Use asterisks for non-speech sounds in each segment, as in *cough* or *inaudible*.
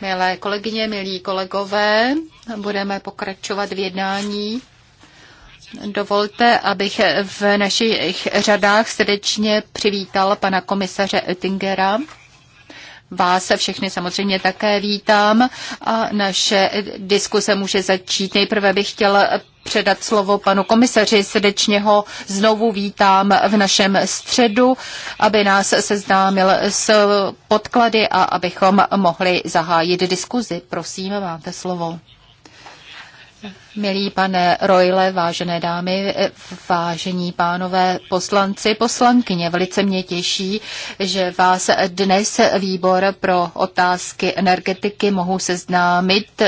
Milé kolegyně, milí kolegové, budeme pokračovat v jednání. Dovolte, abych v našich řadách srdečně přivítal pana komisaře Oettingera. Vás všechny samozřejmě také vítám a naše diskuse může začít. Nejprve bych chtěl předat slovo panu komisaři. Srdečně ho znovu vítám v našem středu, aby nás seznámil s podklady a abychom mohli zahájit diskuzi. Prosím, máte slovo. Milý pane Rojle, vážené dámy, vážení pánové poslanci, poslankyně, velice mě těší, že vás dnes výbor pro otázky energetiky mohu seznámit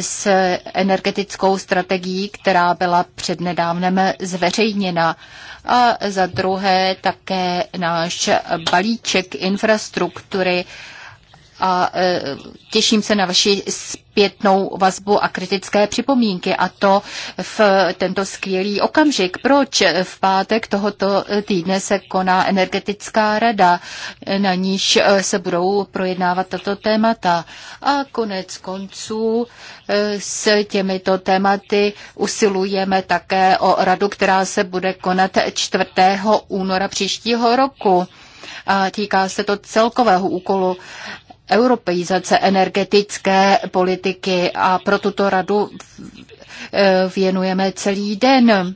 s energetickou strategií, která byla přednedávnem zveřejněna. A za druhé také náš balíček infrastruktury, a e, těším se na vaši zpětnou vazbu a kritické připomínky a to v tento skvělý okamžik. Proč v pátek tohoto týdne se koná energetická rada, na níž e, se budou projednávat tato témata a konec konců e, s těmito tématy usilujeme také o radu, která se bude konat 4. února příštího roku. A týká se to celkového úkolu europeizace energetické politiky a pro tuto radu e, věnujeme celý den.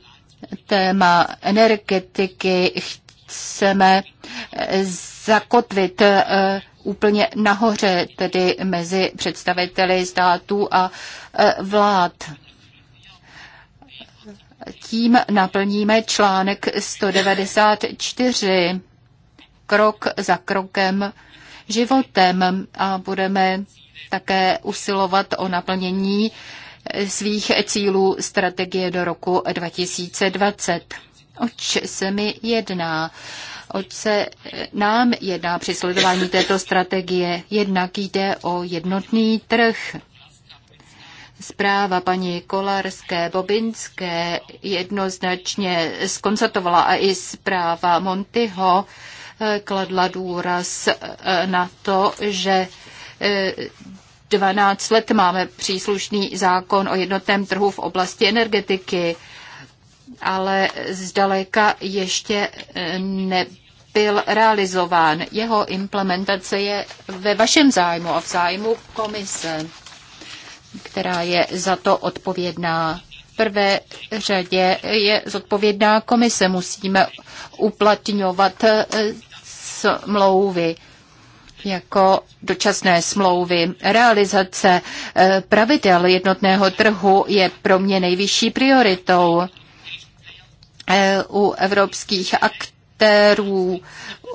Téma energetiky chceme e, zakotvit e, úplně nahoře, tedy mezi představiteli států a vlád. Tím naplníme článek 194 krok za krokem životem a budeme také usilovat o naplnění svých cílů strategie do roku 2020. Oč se mi jedná? Oč se nám jedná při sledování této strategie? Jednak jde o jednotný trh. Zpráva paní Kolarské Bobinské jednoznačně skonstatovala a i zpráva Montyho, kladla důraz eh, na to, že 12 eh, let máme příslušný zákon o jednotném trhu v oblasti energetiky, ale zdaleka ještě eh, nebyl realizován. Jeho implementace je ve vašem zájmu a v zájmu komise, která je za to odpovědná prvé řadě je zodpovědná komise. Musíme uplatňovat eh, smlouvy jako dočasné smlouvy. Realizace eh, pravidel jednotného trhu je pro mě nejvyšší prioritou eh, u evropských aktů charakterů.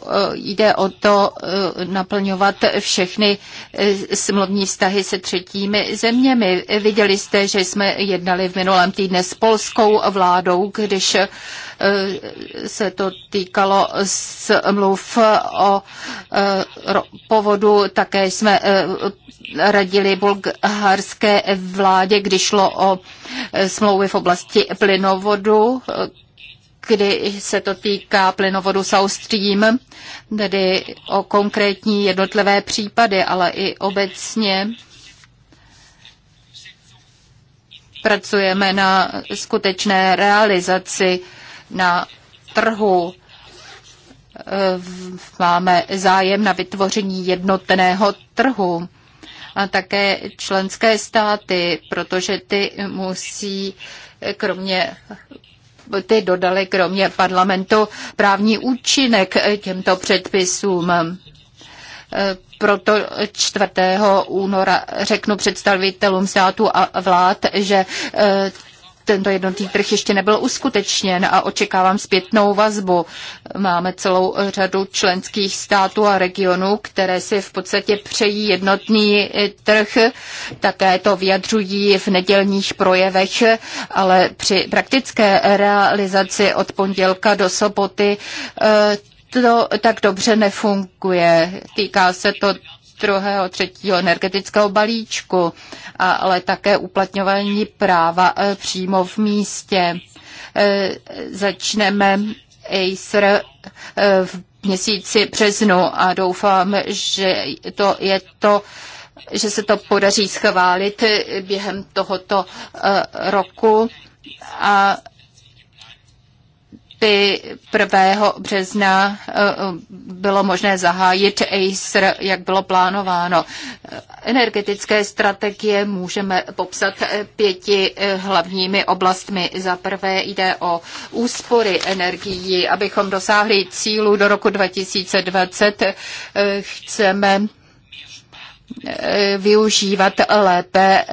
Eh, jde o to eh, naplňovat všechny eh, smluvní vztahy se třetími zeměmi. Viděli jste, že jsme jednali v minulém týdne s polskou vládou, když se to týkalo smluv o povodu. Také jsme radili bulharské vládě, když šlo o smlouvy v oblasti plynovodu, kdy se to týká plynovodu South Stream, tedy o konkrétní jednotlivé případy, ale i obecně pracujeme na skutečné realizaci na trhu. Máme zájem na vytvoření jednotného trhu a také členské státy, protože ty musí kromě ty dodaly kromě parlamentu právní účinek těmto předpisům. Proto 4. února řeknu představitelům států a vlád, že eh, tento jednotný trh ještě nebyl uskutečněn a očekávám zpětnou vazbu. Máme celou řadu členských států a regionů, které si v podstatě přejí jednotný trh. Také to vyjadřují v nedělních projevech, ale při praktické realizaci od pondělka do soboty eh, to tak dobře nefunguje. Týká se to druhého, třetího energetického balíčku, ale také uplatňování práva e, přímo v místě. E, začneme ACER e, v měsíci březnu a doufám, že to je to, že se to podaří schválit během tohoto roku a by 1. března eh, bylo možné zahájit ACER, jak bylo plánováno. Energetické strategie můžeme popsat eh, pěti eh, hlavními oblastmi. Za prvé jde o úspory energií. Abychom dosáhli cílu do roku 2020, chceme využívat lépe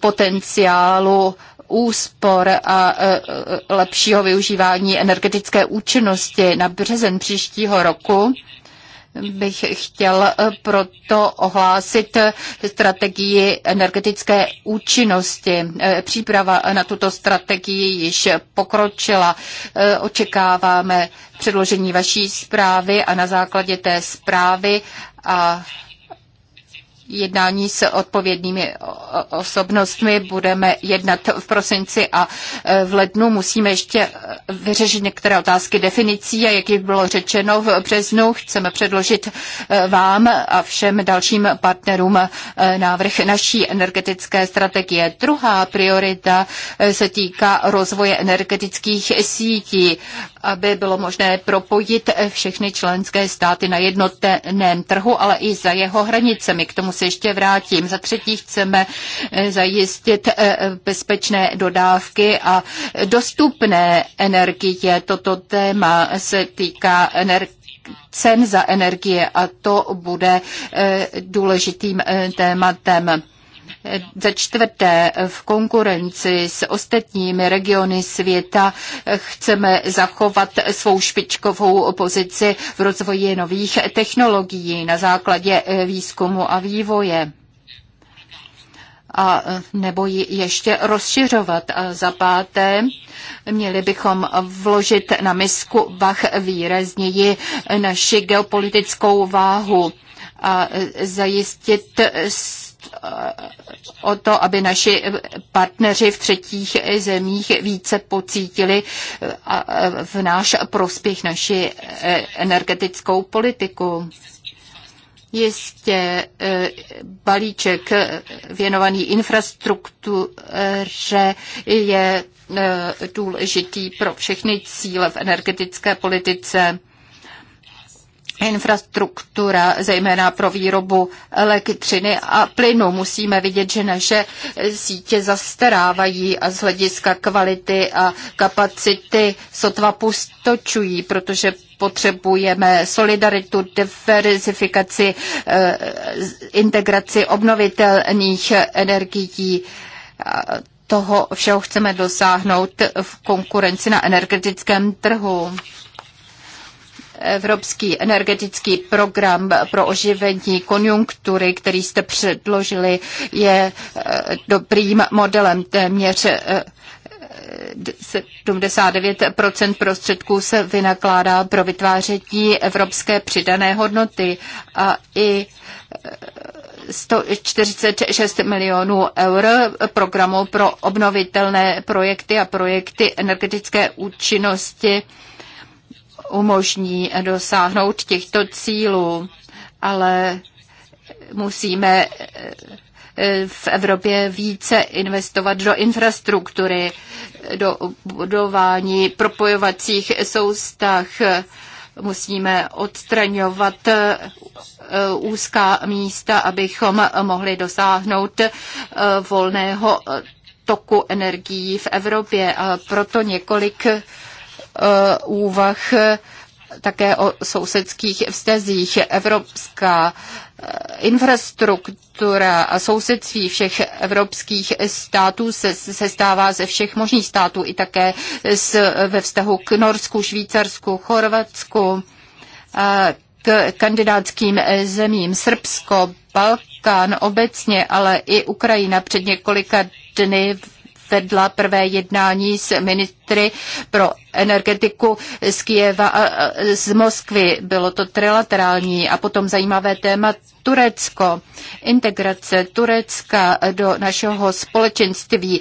potenciálu úspor a e, e, lepšího využívání energetické účinnosti na březen příštího roku bych chtěl e, proto ohlásit strategii energetické účinnosti. Příprava na tuto strategii již pokročila. Očekáváme předložení vaší zprávy a na základě té zprávy a jednání s odpovědnými osobnostmi. Budeme jednat v prosinci a e, v lednu. Musíme ještě e, vyřešit některé otázky definicí a jak bylo řečeno v březnu, chceme předložit e, vám a všem dalším partnerům návrh naší energetické strategie. Druhá priorita se týká rozvoje energetických sítí, aby bylo možné propojit všechny členské státy na jednotném trhu, ale i za jeho hranicemi. K tomu se ještě vrátím. Za třetí chceme eh, zajistit eh, bezpečné dodávky a dostupné energie. Toto téma se týká energie cen za energie a to bude eh, důležitým tématem. Za čtvrté, v konkurenci s ostatními regiony světa chceme zachovat svou špičkovou pozici v rozvoji nových technologií na základě eh, výzkumu a vývoje a eh, nebo ji ještě rozšiřovat. A za páté, měli bychom vložit na misku vach výrazněji naši geopolitickou váhu a eh, zajistit o to, aby naši partneři v třetích zemích více pocítili v náš prospěch naši energetickou politiku. Jistě e, balíček věnovaný infrastruktuře je e, důležitý pro všechny cíle v energetické politice infrastruktura, zejména pro výrobu elektřiny a plynu. Musíme vidět, že naše sítě zastarávají a z hlediska kvality a kapacity sotva pustočují, protože potřebujeme solidaritu, diversifikaci, eh, integraci obnovitelných energií toho všeho chceme dosáhnout v konkurenci na energetickém trhu. Evropský energetický program pro oživení konjunktury, který jste předložili, je eh, dobrým modelem téměř 79 eh, prostředků se vynakládá pro vytváření evropské přidané hodnoty a i 146 eh, milionů eur programu pro obnovitelné projekty a projekty energetické účinnosti umožní dosáhnout těchto cílů, ale musíme eh, v Evropě více investovat do infrastruktury, do budování propojovacích soustah. Musíme odstraňovat eh, úzká místa, abychom mohli dosáhnout eh, volného toku energií v Evropě. A proto několik Uh, úvah eh, také o sousedských vztazích. Evropská eh, infrastruktura a sousedství všech evropských států se, se stává ze všech možných států i také s, ve vztahu k Norsku, Švýcarsku, Chorvatsku, a eh, k kandidátským zemím Srbsko, Balkán obecně, ale i Ukrajina před několika dny vedla prvé jednání s ministry pro energetiku z Kijeva a z Moskvy. Bylo to trilaterální a potom zajímavé téma Turecko. Integrace Turecka do našeho společenství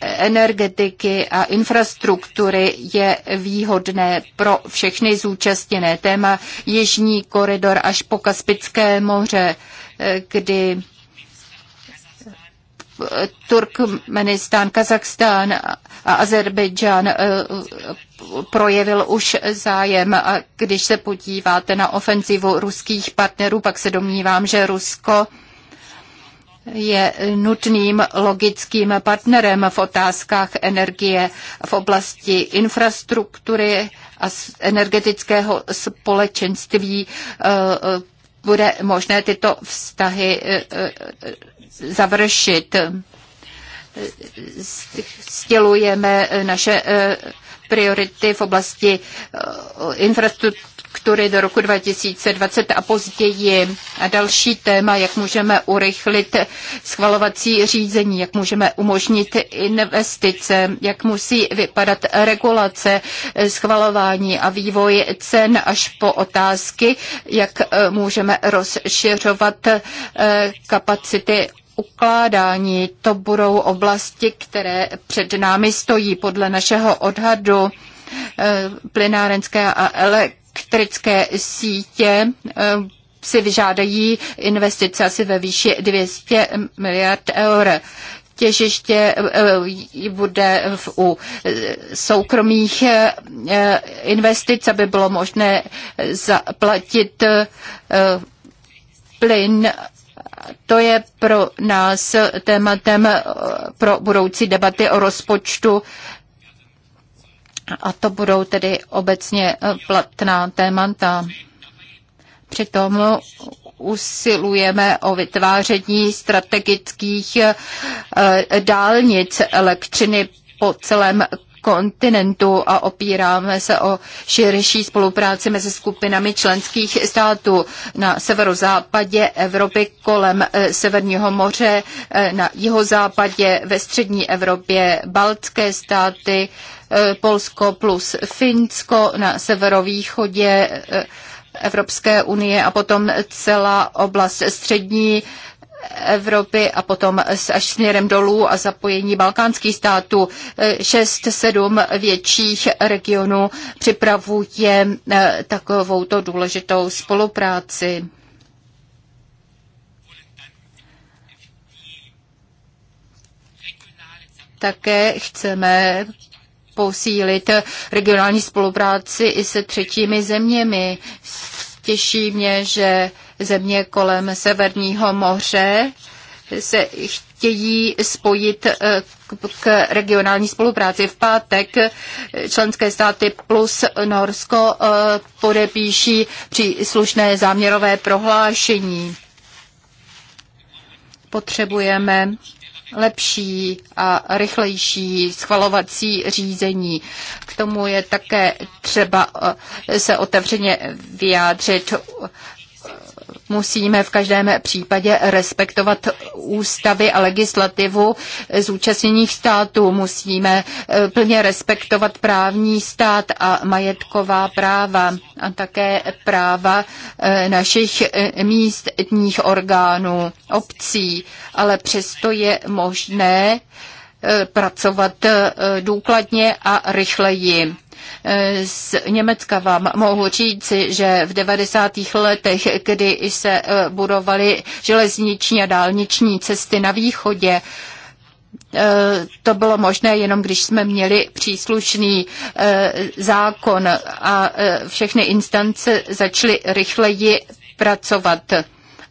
energetiky a infrastruktury je výhodné pro všechny zúčastněné. Téma Jižní koridor až po Kaspické moře, eh, kdy Turkmenistán, Kazachstán a Azerbejdžán eh, projevil už zájem. A když se podíváte na ofenzivu ruských partnerů, pak se domnívám, že Rusko je nutným logickým partnerem v otázkách energie v oblasti infrastruktury a energetického společenství eh, bude možné tyto vztahy eh, eh, završit. Eh, stělujeme naše priority v oblasti eh, infrastruktury do roku 2020 a později. A další téma, jak můžeme urychlit schvalovací řízení, jak můžeme umožnit investice, jak musí vypadat regulace, eh, schvalování a vývoj cen až po otázky, jak eh, můžeme rozšiřovat kapacity ukládání. To budou oblasti, které před námi stojí podle našeho odhadu eh, plynárenské a elektrické sítě eh, si vyžádají investice asi ve výši 200 miliard eur těžiště eh, bude u soukromých investic, aby bylo možné zaplatit plyn to je pro nás tématem eh, pro budoucí debaty o rozpočtu a to budou tedy obecně eh, platná témata. Přitom usilujeme o vytváření strategických eh, dálnic elektřiny po celém kontinentu a opíráme se o širší spolupráci mezi skupinami členských států na severozápadě Evropy kolem eh, Severního moře, eh, na jihozápadě ve střední Evropě Baltské státy, eh, Polsko plus Finsko na severovýchodě Evropské unie a potom celá oblast střední Evropy a potom až směrem dolů a zapojení balkánských států. Šest, sedm větších regionů připravuje eh, takovouto důležitou spolupráci. Také chceme posílit regionální spolupráci i se třetími zeměmi. Těší mě, že země kolem Severního moře se chtějí spojit eh, k regionální spolupráci. V pátek členské státy plus Norsko eh, podepíší příslušné záměrové prohlášení. Potřebujeme lepší a rychlejší schvalovací řízení. K tomu je také třeba eh, se otevřeně vyjádřit musíme v každém případě respektovat ústavy a legislativu zúčastněných států. Musíme eh, plně respektovat právní stát a majetková práva a také práva eh, našich eh, místních orgánů, obcí, ale přesto je možné pracovat důkladně a rychleji. Z Německa vám mohu říci, že v 90. letech, kdy se eh, budovaly železniční a dálniční cesty na východě, eh, to bylo možné jenom, když jsme měli příslušný eh, zákon a všechny instance začaly rychleji pracovat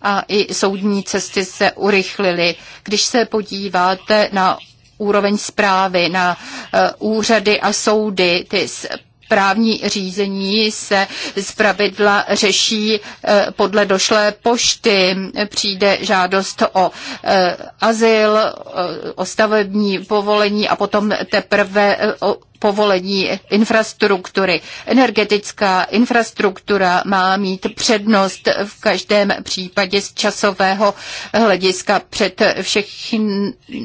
a i soudní cesty se urychlily. Když se podíváte na úroveň zprávy, na eh, úřady a soudy. Ty právní řízení se zpravidla řeší eh, podle došlé pošty. Přijde žádost o eh, azyl, o stavební povolení a potom teprve povolení infrastruktury. Energetická infrastruktura má mít přednost v každém případě z časového hlediska před všech,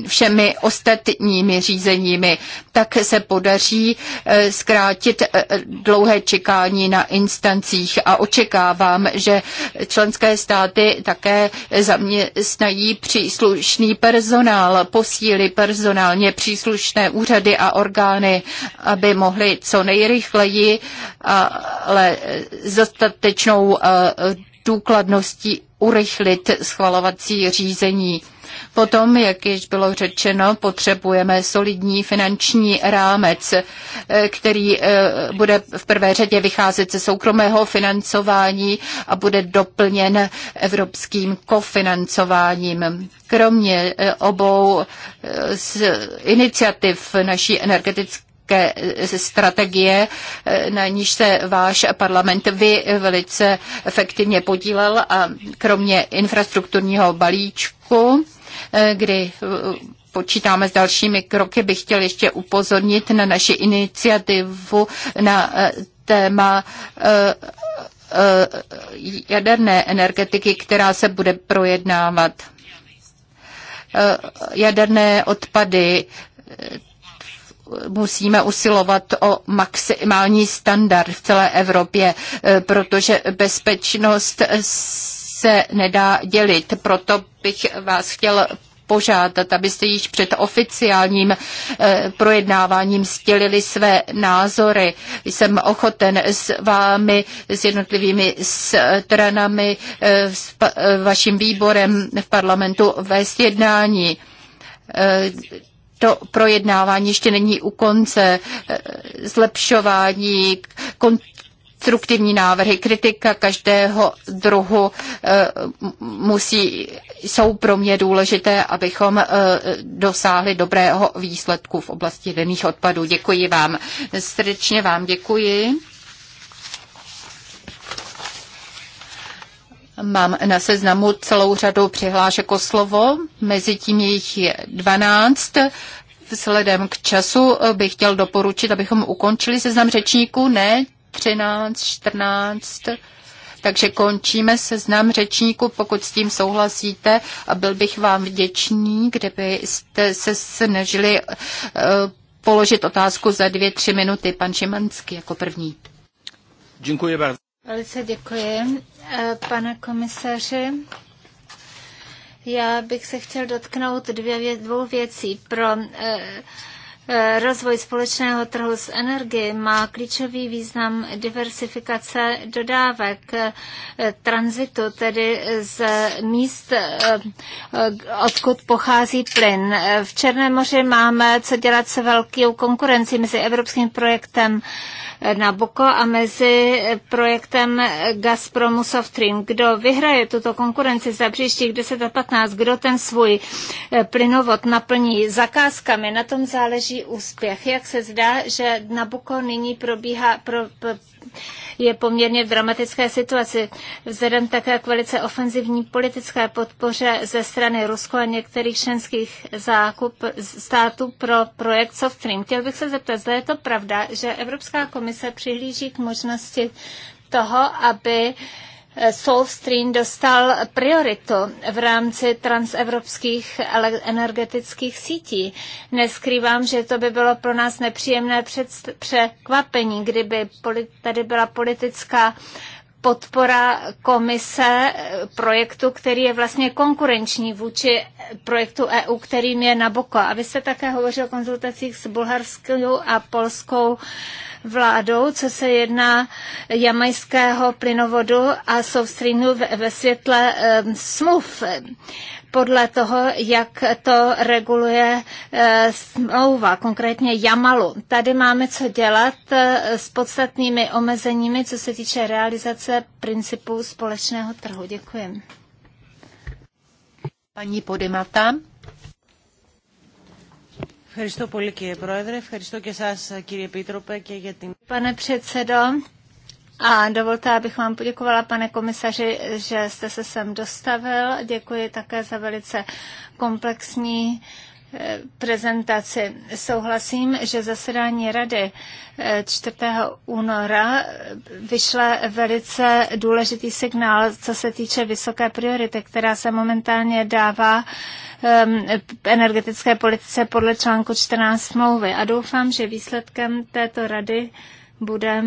všemi ostatními řízeními. Tak se podaří eh, zkrátit eh, dlouhé čekání na instancích a očekávám, že členské státy také zaměstnají příslušný personál, posílí personálně příslušné úřady a orgány aby mohli co nejrychleji, ale zastatečnou eh, důkladností urychlit schvalovací řízení. Potom, jak již bylo řečeno, potřebujeme solidní finanční rámec, eh, který eh, bude v prvé řadě vycházet ze soukromého financování a bude doplněn evropským kofinancováním. Kromě obou z iniciativ naší energetické ke strategie, eh, na níž se váš parlament vy velice efektivně podílel a kromě infrastrukturního balíčku, eh, kdy eh, počítáme s dalšími kroky, bych chtěl ještě upozornit na naši iniciativu na téma jaderné energetiky, která se bude projednávat. Jaderné odpady, musíme usilovat o maximální standard v celé Evropě, e, protože bezpečnost se nedá dělit. Proto bych vás chtěl požádat, abyste již před oficiálním e, projednáváním stělili své názory. Jsem ochoten s vámi, s jednotlivými stranami, e, s vaším výborem v parlamentu vést jednání to projednávání ještě není u konce, e, zlepšování, konstruktivní návrhy, kritika každého druhu e, musí, jsou pro mě důležité, abychom e, dosáhli dobrého výsledku v oblasti vinných odpadů. Děkuji vám. Srdečně vám děkuji. Mám na seznamu celou řadu přihlášek o slovo, mezi tím jejich je 12. Vzhledem k času bych chtěl doporučit, abychom ukončili seznam řečníků, ne 13, 14, takže končíme seznam řečníků, pokud s tím souhlasíte a byl bych vám vděčný, kdybyste se snažili eh, položit otázku za dvě, tři minuty. Pan Šimanský jako první. Děkuji bardzo. Velice děkuji, eh, pane komisaři. Já bych se chtěl dotknout dvě, dvou věcí. Pro eh, eh, Rozvoj společného trhu s energií má klíčový význam diversifikace dodávek tranzitu, tedy z míst, odkud pochází plyn. V Černém moři máme co dělat se velkou konkurencí mezi evropským projektem Nabucco a mezi projektem Gazpromu Softream. Kdo vyhraje tuto konkurenci za příštích 10 a 15, kdo ten svůj eh, plynovod naplní zakázkami, na tom záleží úspěch. Jak se zdá, že Nabucco nyní probíhá, pro, pro, je poměrně v dramatické situaci. Vzhledem také k velice ofenzivní politické podpoře ze strany Rusko a některých členských zákup států pro projekt Softream. Chtěl bych se zeptat, zda je to pravda, že Evropská komise přihlíží k možnosti toho, aby South Stream dostal prioritu v rámci transevropských energetických sítí. Neskrývám, že to by bylo pro nás nepříjemné překvapení, kdyby tady byla politická podpora komise projektu, který je vlastně konkurenční vůči projektu EU, kterým je Nabucco. A vy jste také hovořil o konzultacích s bulharskou a polskou vládou, co se jedná jamajského plynovodu a South Streamu ve světle smluv podle toho, jak to reguluje eh, smlouva, konkrétně Jamalu. Tady máme co dělat eh, s podstatnými omezeními, co se týče realizace principů společného trhu. Děkuji. Paní Podimata. Pane předsedo, a dovolte, abych vám poděkovala, pane komisaři, že jste se sem dostavil. Děkuji také za velice komplexní eh, prezentaci. Souhlasím, že zasedání rady 4. Eh, února eh, vyšle velice důležitý signál, co se týče vysoké priority, která se momentálně dává Um, energetické politice podle článku 14 smlouvy. A doufám, že výsledkem této rady bude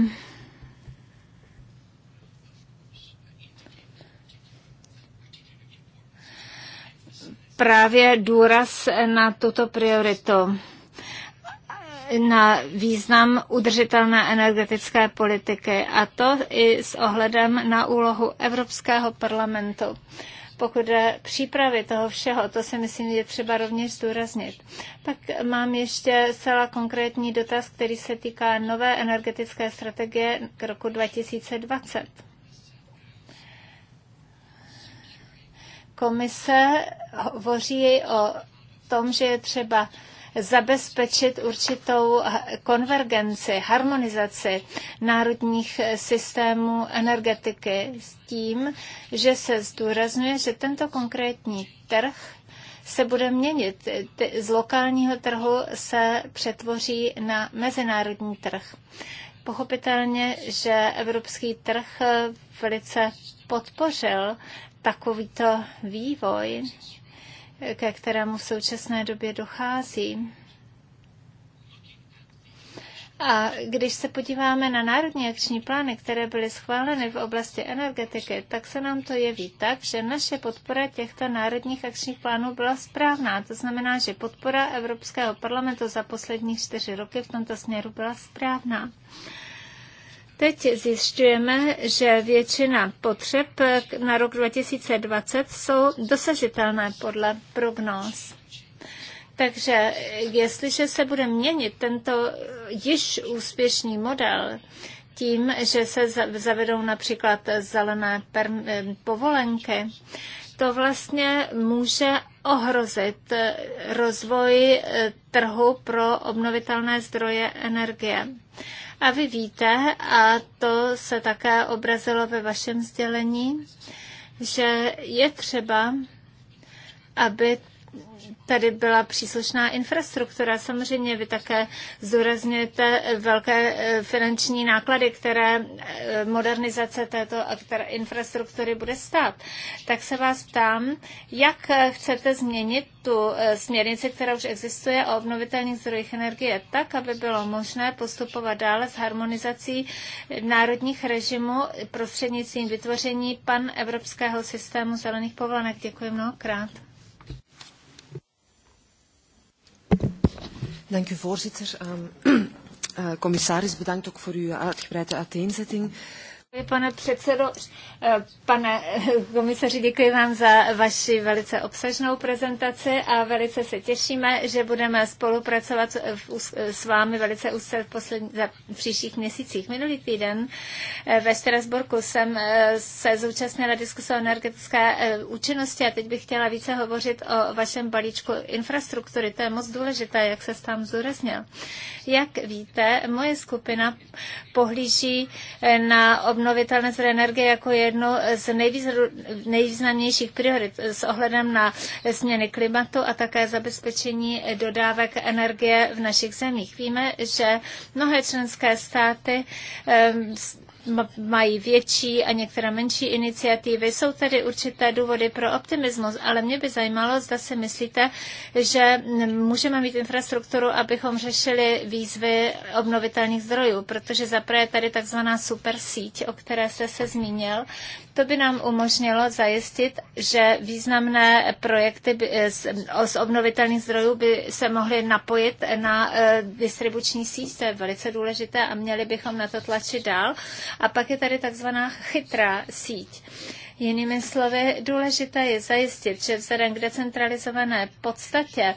právě důraz na tuto prioritu na význam udržitelné energetické politiky a to i s ohledem na úlohu Evropského parlamentu pokud jde přípravy toho všeho, to si myslím, je třeba rovněž zdůraznit. Pak mám ještě celá konkrétní dotaz, který se týká nové energetické strategie k roku 2020. Komise hovoří o tom, že je třeba zabezpečit určitou konvergenci, harmonizaci národních systémů energetiky s tím, že se zdůrazňuje, že tento konkrétní trh se bude měnit. Z lokálního trhu se přetvoří na mezinárodní trh. Pochopitelně, že evropský trh velice podpořil takovýto vývoj ke kterému v současné době dochází. A když se podíváme na národní akční plány, které byly schváleny v oblasti energetiky, tak se nám to jeví tak, že naše podpora těchto národních akčních plánů byla správná. To znamená, že podpora Evropského parlamentu za poslední čtyři roky v tomto směru byla správná. Teď zjišťujeme, že většina potřeb na rok 2020 jsou dosažitelné podle prognóz. Takže jestliže se bude měnit tento již úspěšný model, tím, že se zavedou například zelené povolenky, to vlastně může ohrozit rozvoj eh, trhu pro obnovitelné zdroje energie. A vy víte, a to se také obrazilo ve vašem sdělení, že je třeba, aby tady byla příslušná infrastruktura. Samozřejmě vy také zdůrazňujete velké eh, finanční náklady, které eh, modernizace této infrastruktury bude stát. Tak se vás ptám, jak eh, chcete změnit tu směrnici, která už existuje o obnovitelných zdrojích energie, tak, aby bylo možné postupovat dále s harmonizací národních režimů prostřednictvím vytvoření pan evropského systému zelených povolenek. Děkuji mnohokrát. Dank u voorzitter. Um, uh, *clears throat* commissaris, bedankt ook voor uw uitgebreide uiteenzetting. Pane předsedo, eh, pane eh, komisaři, děkuji vám za vaši velice obsažnou prezentaci a velice se těšíme, že budeme spolupracovat eh, s vámi velice úzce v, poslední, v příštích měsících. Minulý týden ve Strasburku jsem se zúčastnila diskuse o energetické účinnosti a teď bych chtěla více hovořit o vašem balíčku infrastruktury. To je moc důležité, jak se tam zdůraznil. Jak víte, moje skupina pohlíží na ob obnovitelné zdroje energie jako jednu z nejvýznamnějších priorit s ohledem na změny klimatu a také zabezpečení dodávek energie v našich zemích. Víme, že mnohé členské státy mají větší a některé menší iniciativy. Jsou tady určité důvody pro optimismus, ale mě by zajímalo, zda si myslíte, že můžeme mít infrastrukturu, abychom řešili výzvy obnovitelných zdrojů, protože zaprvé je tady takzvaná super síť, o které jste se zmínil to by nám umožnilo zajistit, že významné projekty z eh, obnovitelných zdrojů by se mohly napojit na eh, distribuční síť, to je velice důležité a měli bychom na to tlačit dál. A pak je tady takzvaná chytrá síť. Jinými slovy, důležité je zajistit, že vzhledem k decentralizované podstatě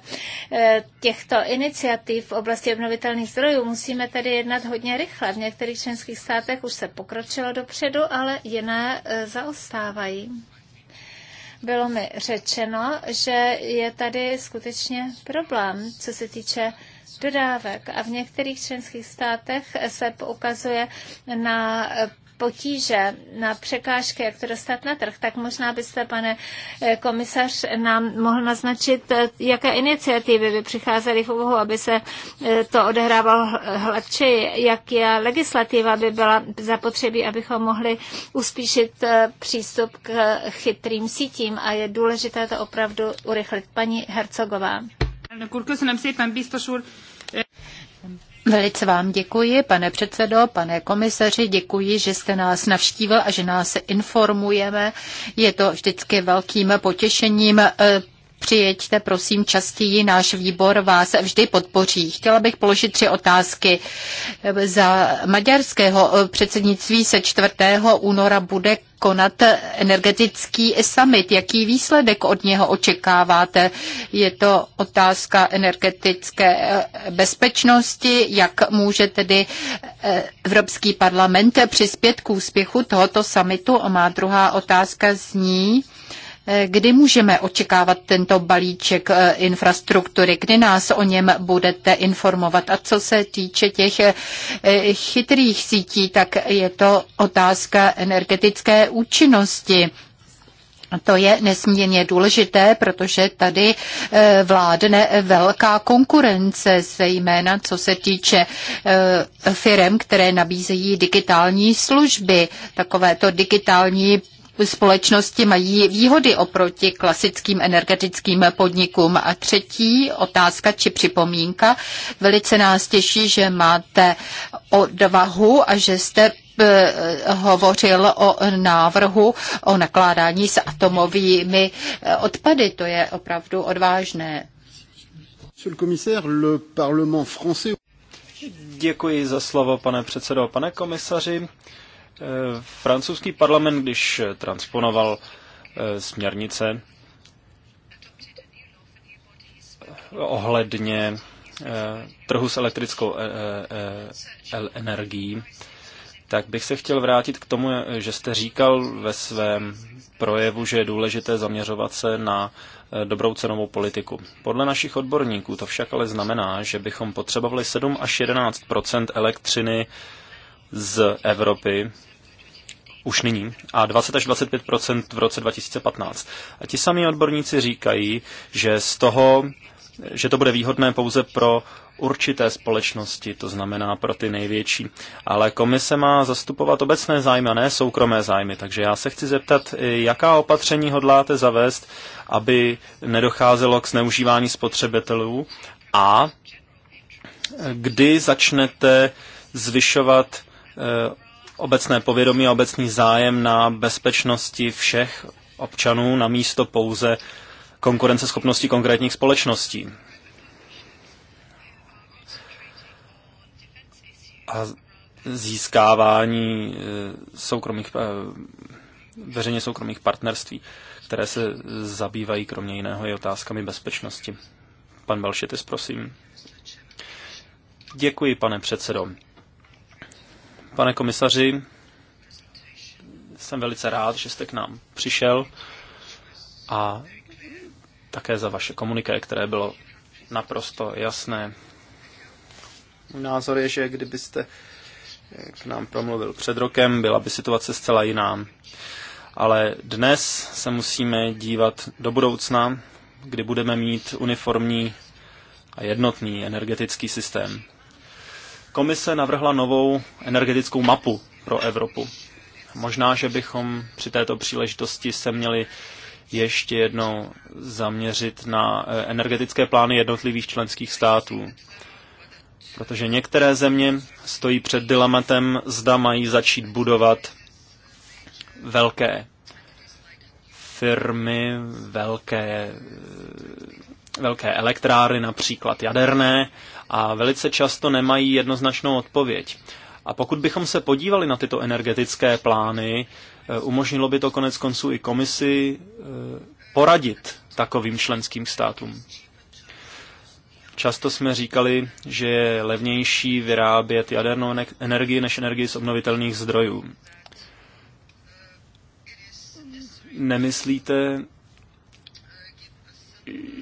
eh, těchto iniciativ v oblasti obnovitelných zdrojů musíme tedy jednat hodně rychle. V některých členských státech už se pokročilo dopředu, ale jiné eh, zaostávají bylo mi řečeno, že je tady skutečně problém, co se týče dodávek. A v některých členských státech se poukazuje na potíže, na překážky, jak to dostat na trh, tak možná byste, pane eh, komisař, nám mohl naznačit, eh, jaké iniciativy by přicházely v úvahu, aby se eh, to odehrávalo hladče, jak je legislativa by byla zapotřebí, abychom mohli uspíšit přístup k chytrým sítím a je důležité to opravdu urychlit. Paní Hercogová. Velice vám děkuji, pane předsedo, pane komisaři, děkuji, že jste nás navštívil a že nás informujeme. Je to vždycky velkým potěšením eh, přijeďte prosím častěji, náš výbor vás vždy podpoří. Chtěla bych položit tři otázky. Za maďarského eh, předsednictví se 4. února bude konat energetický summit. Jaký výsledek od něho očekáváte? Je to otázka energetické eh, bezpečnosti. Jak může tedy eh, Evropský parlament přispět k úspěchu tohoto summitu? A má druhá otázka zní, Kdy můžeme očekávat tento balíček eh, infrastruktury? Kdy nás o něm budete informovat? A co se týče těch eh, chytrých sítí, tak je to otázka energetické účinnosti. To je nesmírně důležité, protože tady eh, vládne velká konkurence, zejména co se týče firm, které nabízejí digitální služby. Takovéto digitální společnosti mají výhody oproti klasickým energetickým podnikům. A třetí otázka či připomínka. Velice nás těší, že máte odvahu a že jste eh, hovořil o návrhu o nakládání s atomovými eh, odpady. To je opravdu odvážné. Děkuji za slovo, pane předsedo. Pane komisaři, Francouzský parlament, když eh, transponoval eh, směrnice eh, ohledně trhu s elektrickou energií, tak bych se chtěl vrátit k tomu, že jste říkal ve svém projevu, že je důležité zaměřovat se na dobrou cenovou politiku. Podle našich odborníků to však ale znamená, že bychom potřebovali 7 až 11 elektřiny z Evropy už nyní a 20 až 25 v roce 2015. A ti sami odborníci říkají, že z toho, že to bude výhodné pouze pro určité společnosti, to znamená pro ty největší. Ale komise má zastupovat obecné zájmy a ne soukromé zájmy, takže já se chci zeptat, jaká opatření hodláte zavést, aby nedocházelo k zneužívání spotřebitelů a kdy začnete zvyšovat Eh, obecné povědomí a obecný zájem na bezpečnosti všech občanů na místo pouze konkurenceschopnosti konkrétních společností. A získávání eh, soukromých, eh, veřejně soukromých partnerství, které se zabývají kromě jiného i otázkami bezpečnosti. Pan Balšetis, prosím. Děkuji, pane předsedo. Pane komisaři, jsem velice rád, že jste k nám přišel a také za vaše komuniké, které bylo naprosto jasné. Můj názor je, že kdybyste k nám promluvil před rokem, byla by situace zcela jiná. Ale dnes se musíme dívat do budoucna, kdy budeme mít uniformní a jednotný energetický systém. Komise navrhla novou energetickou mapu pro Evropu. Možná, že bychom při této příležitosti se měli ještě jednou zaměřit na eh, energetické plány jednotlivých členských států. Protože některé země stojí před dilematem, zda mají začít budovat velké firmy, velké eh, velké elektrárny, například jaderné, a velice často nemají jednoznačnou odpověď. A pokud bychom se podívali na tyto energetické plány, eh, umožnilo by to konec konců i komisi eh, poradit takovým členským státům. Často jsme říkali, že je levnější vyrábět jadernou energii než energii z obnovitelných zdrojů. Nemyslíte,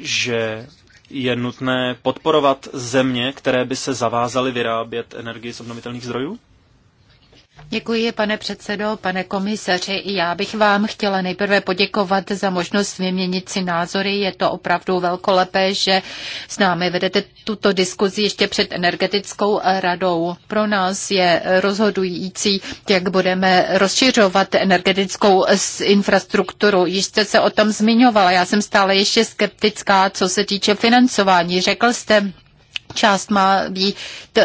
že je nutné podporovat země, které by se zavázaly vyrábět energii z obnovitelných zdrojů? Děkuji, pane předsedo, pane komisaři. Já bych vám chtěla nejprve poděkovat za možnost vyměnit si názory. Je to opravdu velkolepé, že s námi vedete tuto diskuzi ještě před energetickou radou. Pro nás je rozhodující, jak budeme rozšiřovat energetickou infrastrukturu. Již jste se o tom zmiňovala. Já jsem stále ještě skeptická, co se týče financování. Řekl jste, Část má být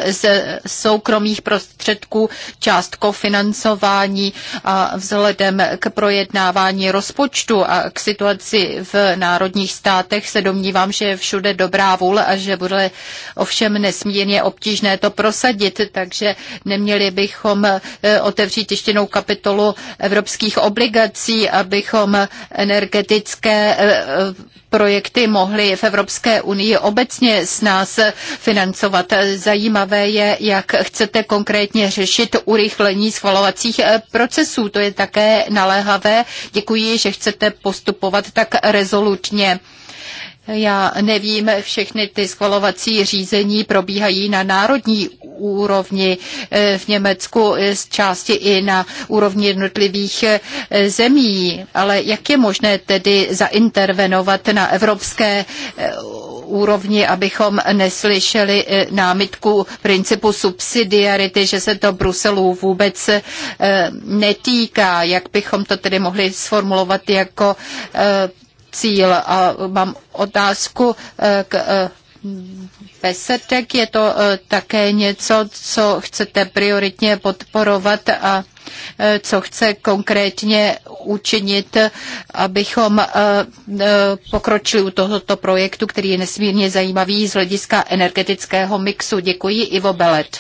z soukromých prostředků, část kofinancování a vzhledem k projednávání rozpočtu a k situaci v národních státech se domnívám, že je všude dobrá vůle a že bude ovšem nesmírně obtížné to prosadit, takže neměli bychom e, otevřít ještě jinou kapitolu evropských obligací, abychom energetické e, e, projekty mohly v Evropské unii obecně s nás financovat. Zajímavé je, jak chcete konkrétně řešit urychlení schvalovacích eh, procesů. To je také naléhavé. Děkuji, že chcete postupovat tak rezolutně. Já nevím, všechny ty schvalovací řízení probíhají na národní úrovni eh, v Německu, eh, z části i na úrovni jednotlivých eh, zemí. Ale jak je možné tedy zaintervenovat na evropské úrovni, abychom neslyšeli námitku principu subsidiarity, že se to Bruselu vůbec netýká? Jak bychom to tedy mohli sformulovat jako cíl. A mám otázku eh, k eh, besedek. Je to eh, také něco, co chcete prioritně podporovat a co chce konkrétně učinit, abychom pokročili u tohoto projektu, který je nesmírně zajímavý z hlediska energetického mixu. Děkuji, Ivo Belet.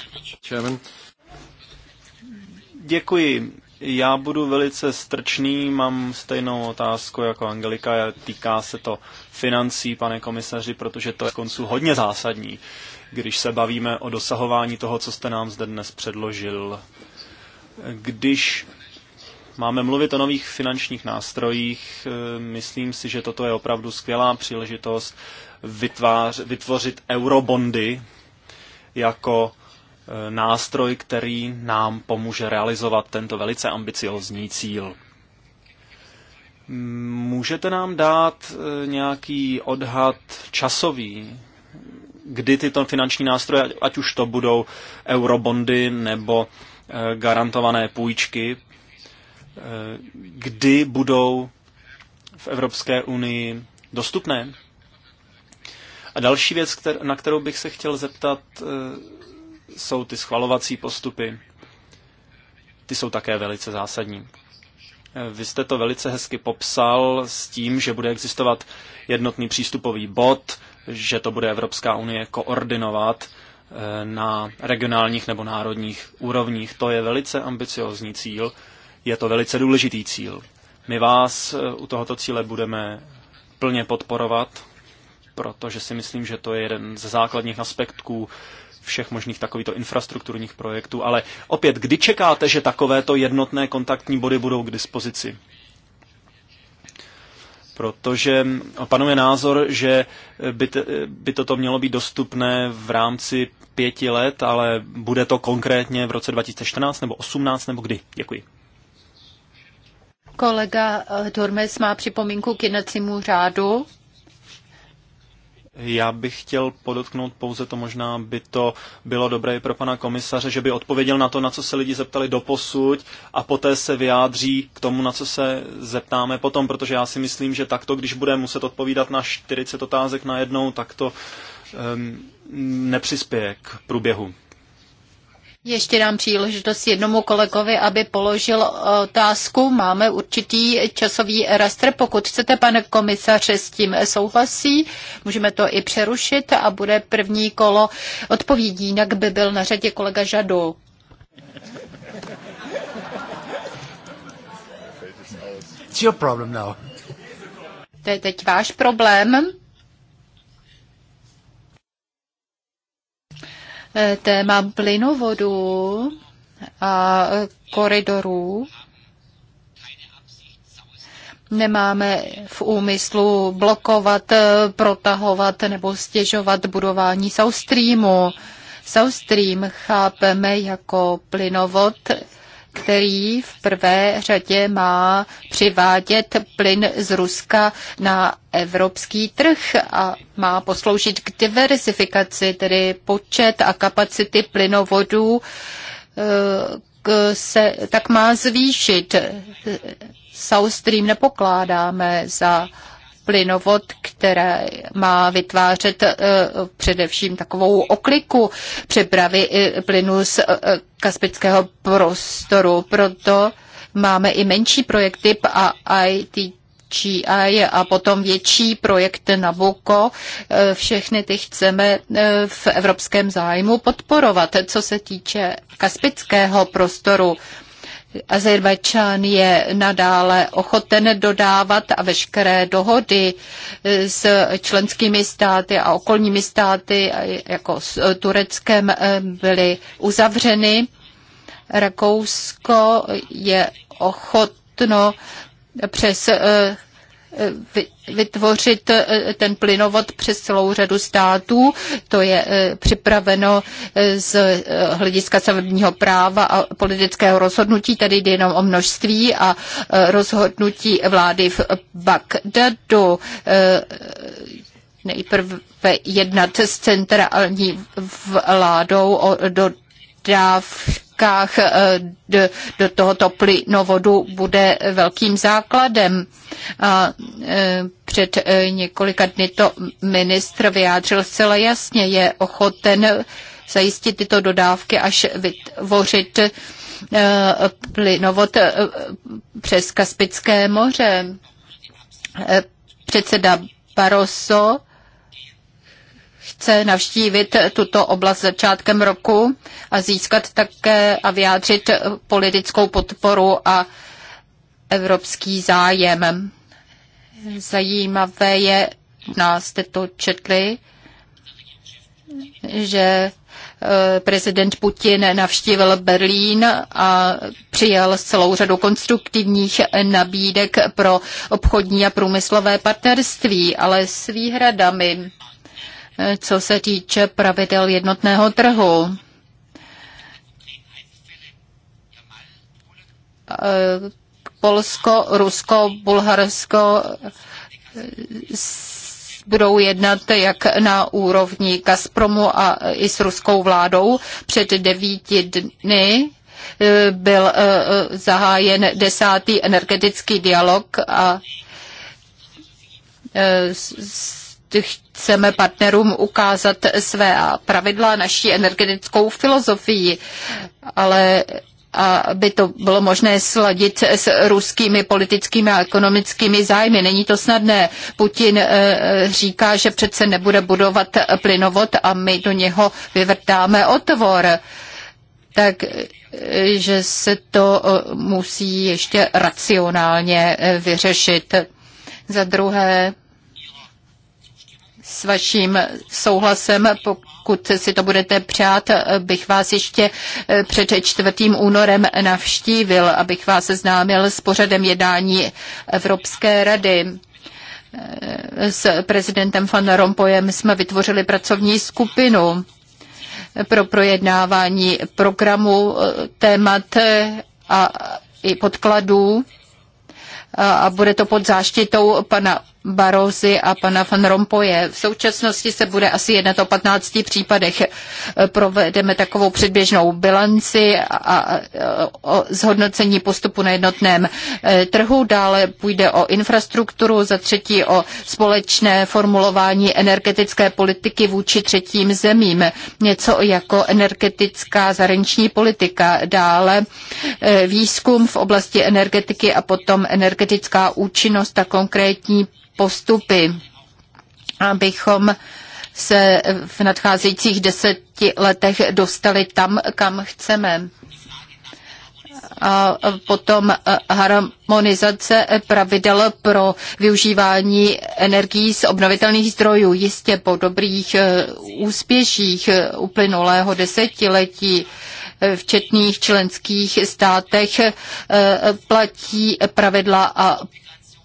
Děkuji. Já budu velice strčný, mám stejnou otázku jako Angelika, týká se to financí, pane komisaři, protože to je konců hodně zásadní, když se bavíme o dosahování toho, co jste nám zde dnes předložil. Když máme mluvit o nových finančních nástrojích, eh, myslím si, že toto je opravdu skvělá příležitost vytvář, vytvořit eurobondy jako nástroj, který nám pomůže realizovat tento velice ambiciozní cíl. Můžete nám dát eh, nějaký odhad časový, kdy tyto finanční nástroje, ať už to budou eurobondy nebo eh, garantované půjčky, eh, kdy budou v Evropské unii dostupné? A další věc, na kterou bych se chtěl zeptat, jsou ty schvalovací postupy. Ty jsou také velice zásadní. Vy jste to velice hezky popsal s tím, že bude existovat jednotný přístupový bod, že to bude Evropská unie koordinovat eh, na regionálních nebo národních úrovních. To je velice ambiciozní cíl, je to velice důležitý cíl. My vás eh, u tohoto cíle budeme plně podporovat, protože si myslím, že to je jeden ze základních aspektů všech možných takovýchto infrastrukturních projektů, ale opět, kdy čekáte, že takovéto jednotné kontaktní body budou k dispozici? Protože no, panuje názor, že by, t- by toto mělo být dostupné v rámci pěti let, ale bude to konkrétně v roce 2014 nebo 18 nebo kdy? Děkuji. Kolega eh, Turmes má připomínku k jednacímu řádu. Já bych chtěl podotknout pouze to, možná by to bylo dobré i pro pana komisaře, že by odpověděl na to, na co se lidi zeptali do posud a poté se vyjádří k tomu, na co se zeptáme potom, protože já si myslím, že takto, když bude muset odpovídat na 40 otázek najednou, tak to um, nepřispěje k průběhu. Ještě dám příležitost jednomu kolegovi, aby položil otázku. Máme určitý časový rastr. Pokud chcete, pane komisaře, s tím souhlasí, můžeme to i přerušit a bude první kolo odpovědí, jinak by byl na řadě kolega Žadu. To je teď váš problém. Eh, téma plynovodu a koridorů. Nemáme v úmyslu blokovat, eh, protahovat nebo stěžovat budování South Streamu. South Stream chápeme jako plynovod, který v prvé řadě má přivádět plyn z Ruska na evropský trh a má posloužit k diversifikaci, tedy počet a kapacity plynovodů eh, se tak má zvýšit. South Stream nepokládáme za plynovod, které má vytvářet eh, především takovou okliku přepravy eh, plynu z eh, kaspického prostoru. Proto máme i menší projekty a IT a potom větší projekt Nabucco. Všechny ty chceme v evropském zájmu podporovat. Co se týče kaspického prostoru, Azerbajdžán je nadále ochoten dodávat a veškeré dohody e, s členskými státy a okolními státy, jako s e, Tureckem, e, byly uzavřeny. Rakousko je ochotno přes vytvořit eh, ten plynovod přes celou řadu států. To je eh, připraveno eh, z hlediska stavebního práva a politického rozhodnutí. Tady jde jenom o množství a rozhodnutí vlády v Bagdadu nejprve jednat s centrální vládou o dodávce dodávkách eh, do tohoto plynovodu bude velkým základem. A eh, před eh, několika dny to ministr vyjádřil zcela jasně, je ochoten zajistit tyto dodávky, až vytvořit plynovod přes Kaspické moře. Předseda Barroso chce navštívit tuto oblast začátkem roku a získat také a vyjádřit politickou podporu a evropský zájem. Zajímavé je, nás jste to četli, že eh, prezident Putin navštívil Berlín a přijal celou řadu konstruktivních nabídek pro obchodní a průmyslové partnerství, ale s výhradami co se týče pravidel jednotného trhu. Eh, Polsko, Rusko, Bulharsko eh, budou jednat jak na úrovni Gazpromu a i s ruskou vládou. Před devíti dny eh, byl zahájen desátý energetický dialog a s chceme partnerům ukázat své pravidla, naší energetickou filozofii, ale aby to bylo možné sladit s ruskými politickými a ekonomickými zájmy. Není to snadné. Putin eh, říká, že přece nebude budovat plynovod a my do něho vyvrtáme otvor. Tak eh, že se to eh, musí ještě racionálně vyřešit. Za druhé, s vaším souhlasem, pokud si to budete přát, bych vás ještě eh, před 4. únorem navštívil, abych vás seznámil s pořadem jednání Evropské rady. Eh, s prezidentem Van Rompojem jsme vytvořili pracovní skupinu pro projednávání programu eh, témat a i podkladů a bude to pod záštitou pana Barozy a pana Van Rompoje. V současnosti se bude asi jednat o 15 případech. Provedeme takovou předběžnou bilanci a o zhodnocení postupu na jednotném e, trhu. Dále půjde o infrastrukturu, za třetí o společné formulování energetické politiky vůči třetím zemím. Něco jako energetická zahraniční politika. Dále e, výzkum v oblasti energetiky a potom energetická účinnost a konkrétní postupy, abychom se v nadcházejících deseti letech dostali tam, kam chceme. A potom harmonizace pravidel pro využívání energií z obnovitelných zdrojů. Jistě po dobrých eh, úspěších uplynulého desetiletí eh, v četných členských státech eh, platí pravidla a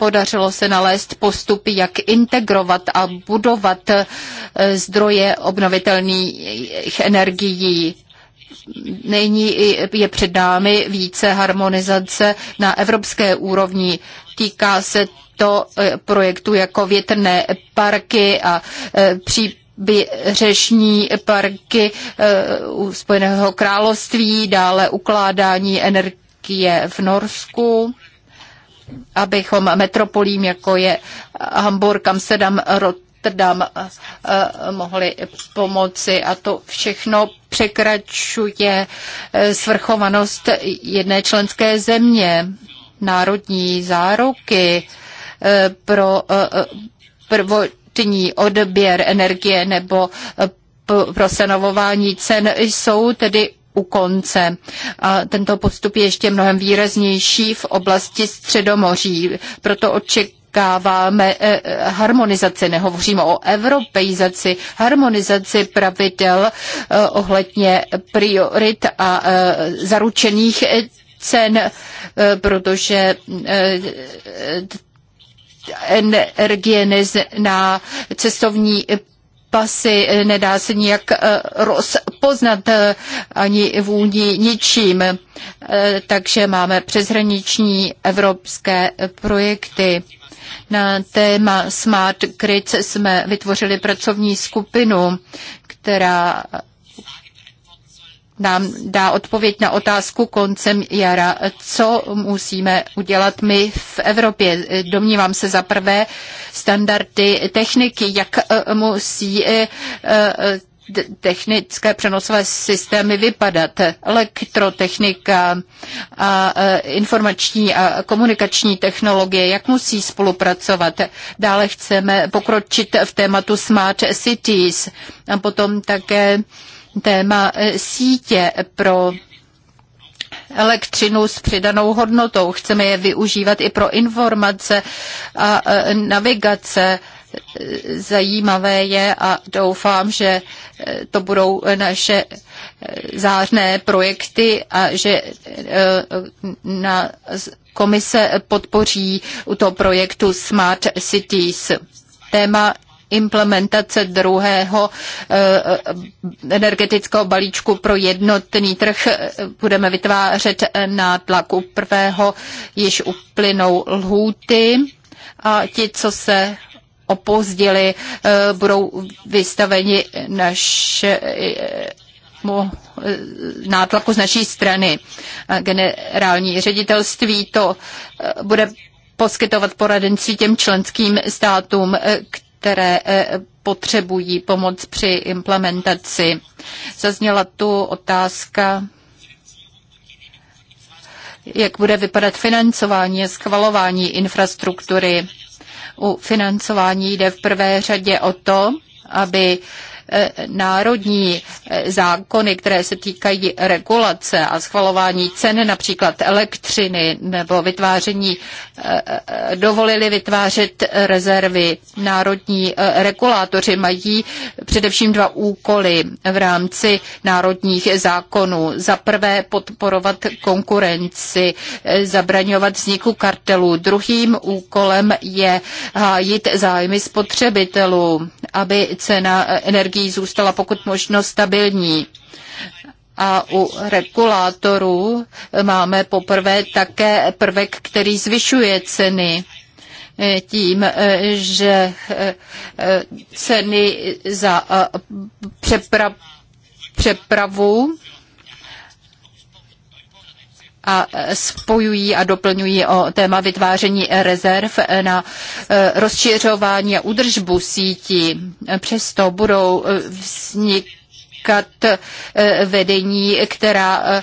Podařilo se nalézt postupy, jak integrovat a budovat eh, zdroje obnovitelných energií. Nyní je před námi více harmonizace na evropské úrovni. Týká se to eh, projektu jako větrné parky a eh, pří by řešní parky u Spojeného království, dále ukládání energie v Norsku abychom metropolím, jako je Hamburg, Amsterdam, Rotterdam, eh, eh, mohli pomoci. A to všechno překračuje eh, svrchovanost jedné členské země, národní záruky pro prvotní odběr energie nebo pro stanovování cen jsou tedy u konce. A tento postup je ještě mnohem výraznější v oblasti Středomoří. Proto očekávám, očekáváme eh, eh, harmonizaci, nehovoříme o evropeizaci, harmonizaci pravidel eh, ohledně priorit a zaručených cen, protože energie nezná cestovní pasy, eh, nedá se nijak eh, rozpoznat eh, ani vůni ničím. Takže máme přeshraniční evropské projekty. Na téma Smart Grids jsme vytvořili pracovní skupinu, která nám dá odpověď na otázku koncem jara, co musíme udělat my v Evropě. Domnívám se za prvé standardy techniky, jak eh, musí eh, eh, technické přenosové systémy vypadat. Elektrotechnika, a informační a komunikační technologie, jak musí spolupracovat. Dále chceme pokročit v tématu Smart Cities a potom také téma eh, sítě pro elektřinu s přidanou hodnotou. Chceme je využívat i pro informace a eh, navigace. Eh, zajímavé je a doufám, že to budou naše zářné projekty a že na komise podpoří u toho projektu Smart Cities. Téma implementace druhého eh, energetického balíčku pro jednotný trh budeme vytvářet na tlaku prvého již uplynou lhůty a ti, co se opozdili, eh, budou vystaveni naše eh, nátlaku z naší strany. Generální ředitelství to bude poskytovat poradenství těm členským státům, které eh, potřebují pomoc při implementaci. Zazněla tu otázka, jak bude vypadat financování a schvalování infrastruktury. U financování jde v prvé řadě o to, aby Eh, národní eh, zákony, které se týkají regulace a schvalování cen například elektřiny nebo vytváření, eh, dovolili vytvářet rezervy. Národní regulátoři mají především dva úkoly v rámci národních zákonů. Za prvé podporovat konkurenci, zabraňovat vzniku kartelů. Druhým úkolem je hájit zájmy spotřebitelů, aby cena energie rozhodnutí zůstala pokud možno stabilní. A u regulátorů máme poprvé také prvek, který zvyšuje ceny tím, že eh, eh, ceny za eh, přepravu a e, spojují a doplňují o téma vytváření rezerv na e, rozšiřování a udržbu sítí. Přesto budou e, vznikat vedení, která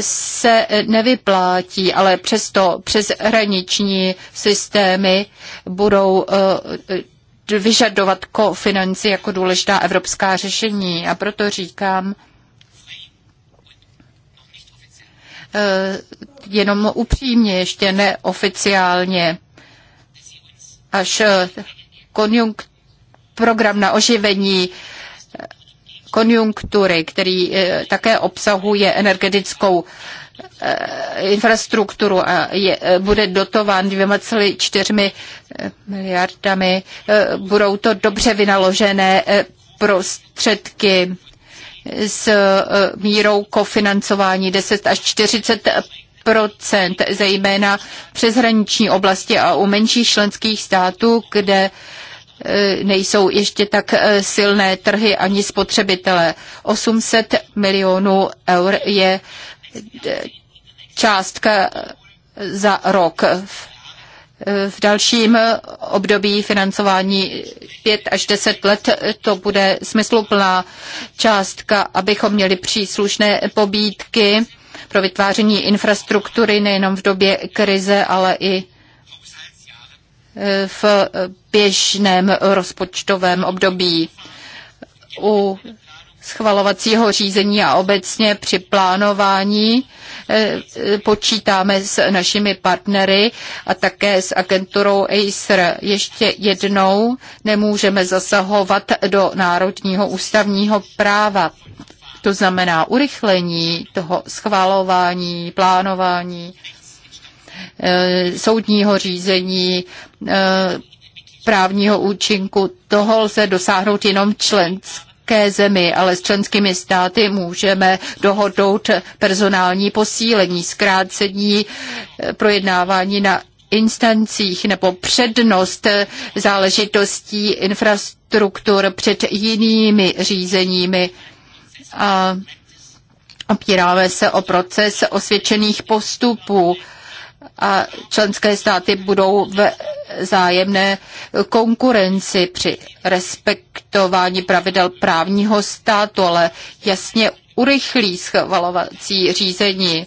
se nevyplátí, ale přesto přes hraniční systémy budou vyžadovat kofinanci jako důležitá evropská řešení. A proto říkám, Eh, jenom upřímně, ještě neoficiálně. Až eh, konjunkt, program na oživení eh, konjunktury, který také obsahuje energetickou infrastrukturu a je, bude dotován 2,4 miliardami. Budou to dobře vynaložené prostředky s e, mírou kofinancování 10 až 40 procent, zejména přeshraniční oblasti a u menších členských států, kde e, nejsou ještě tak e, silné trhy ani spotřebitelé. 800 milionů eur je částka za rok v v dalším období financování 5 až 10 let to bude smysluplná částka, abychom měli příslušné pobídky pro vytváření infrastruktury nejenom v době krize, ale i e, v běžném rozpočtovém období. U schvalovacího řízení a obecně při plánování eh, eh, počítáme s našimi partnery a také s agenturou ACER. Ještě jednou nemůžeme zasahovat do národního ústavního práva. To znamená urychlení toho schvalování, plánování, eh, soudního řízení, právního účinku. Toho lze dosáhnout jenom členské nějaké zemi, ale s členskými státy můžeme dohodnout personální posílení, zkrácení eh, projednávání na instancích nebo přednost záležitostí infrastruktur před jinými řízeními. A opíráme se o proces osvědčených postupů a členské státy budou v zájemné konkurenci při respektování pravidel právního státu, ale jasně urychlí schvalovací řízení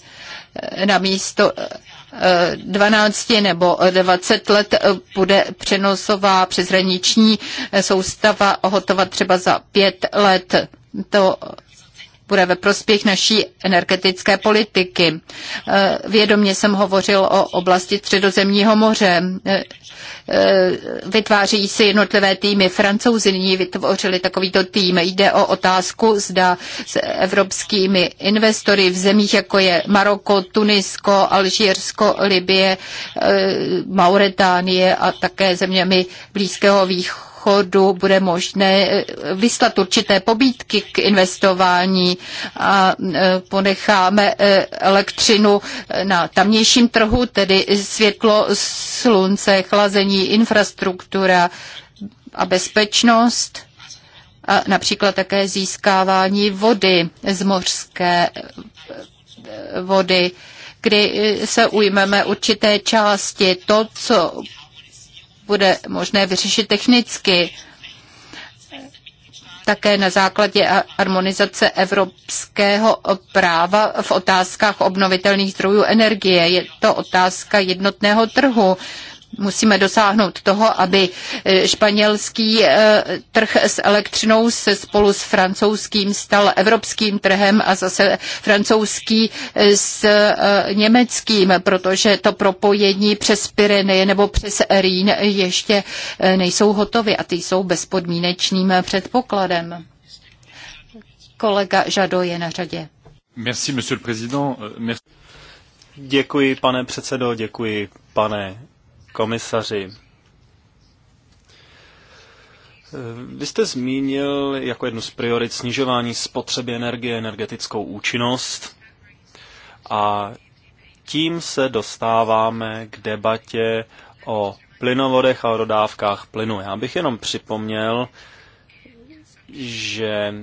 na místo 12 eh, nebo 20 let bude přenosová přeshraniční soustava hotova třeba za 5 let. To bude ve prospěch naší energetické politiky. Eh, vědomě jsem hovořil o oblasti Středozemního moře. Eh, eh, vytváří si jednotlivé týmy. Francouzi nyní vytvořili takovýto tým. Jde o otázku, zda s evropskými investory v zemích, jako je Maroko, Tunisko, Alžírsko, Libie, Mauretánie a také zeměmi Blízkého východu obchodu bude možné eh, vyslat určité pobídky k investování a eh, ponecháme eh, elektřinu na tamnějším trhu, tedy světlo, slunce, chlazení, infrastruktura a bezpečnost a například také získávání vody z mořské vody, kdy se ujmeme určité části. To, co bude možné vyřešit technicky. Také na základě harmonizace evropského práva v otázkách obnovitelných zdrojů energie. Je to otázka jednotného trhu musíme dosáhnout toho, aby eh, španělský eh, trh s elektřinou se spolu s francouzským stal evropským trhem a zase francouzský eh, s německým, protože to propojení přes Pyreny nebo přes Rýn ještě nejsou hotovy a ty jsou bezpodmínečným předpokladem. Kolega Žado je na řadě. Merci, monsieur le président. Euh, merci. Děkuji, pane předsedo, děkuji, pane komisaři. Vy jste zmínil jako jednu z priorit snižování spotřeby energie, energetickou účinnost a tím se dostáváme k debatě o plynovodech a o dodávkách plynu. Já bych jenom připomněl, že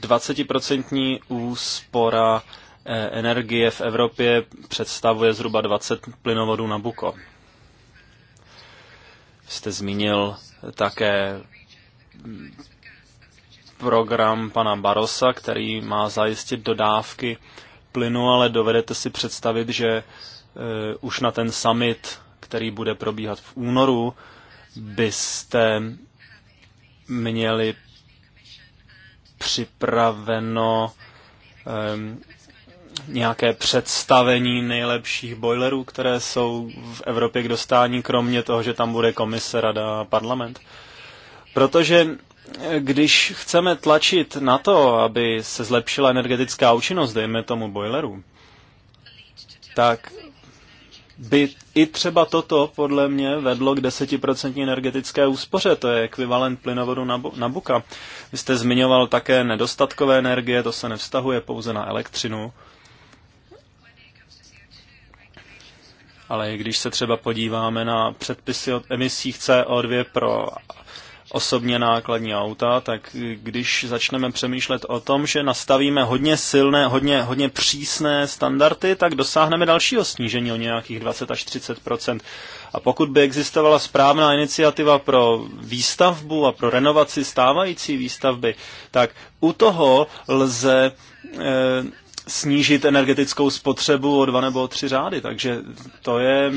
20% eh, úspora Eh, energie v Evropě představuje zhruba 20 plynovodů buko. Jste zmínil také program pana Barosa, který má zajistit dodávky plynu, ale dovedete si představit, že eh, už na ten summit, který bude probíhat v únoru, byste měli připraveno ehm, nějaké představení nejlepších boilerů, které jsou v Evropě k dostání, kromě toho, že tam bude komise, rada a parlament. Protože eh, když chceme tlačit na to, aby se zlepšila energetická účinnost, dejme tomu boilerů, tak by i třeba toto podle mě vedlo k desetiprocentní energetické úspoře, to je ekvivalent plynovodu buka. Vy jste zmiňoval také nedostatkové energie, to se nevztahuje pouze na elektřinu, ale když se třeba podíváme na předpisy o emisích CO2 pro osobně nákladní auta, tak když začneme přemýšlet o tom, že nastavíme hodně silné, hodně, hodně přísné standardy, tak dosáhneme dalšího snížení o nějakých 20 až 30 A pokud by existovala správná iniciativa pro výstavbu a pro renovaci stávající výstavby, tak u toho lze eh, snížit energetickou spotřebu o dva nebo o tři řády. Takže to je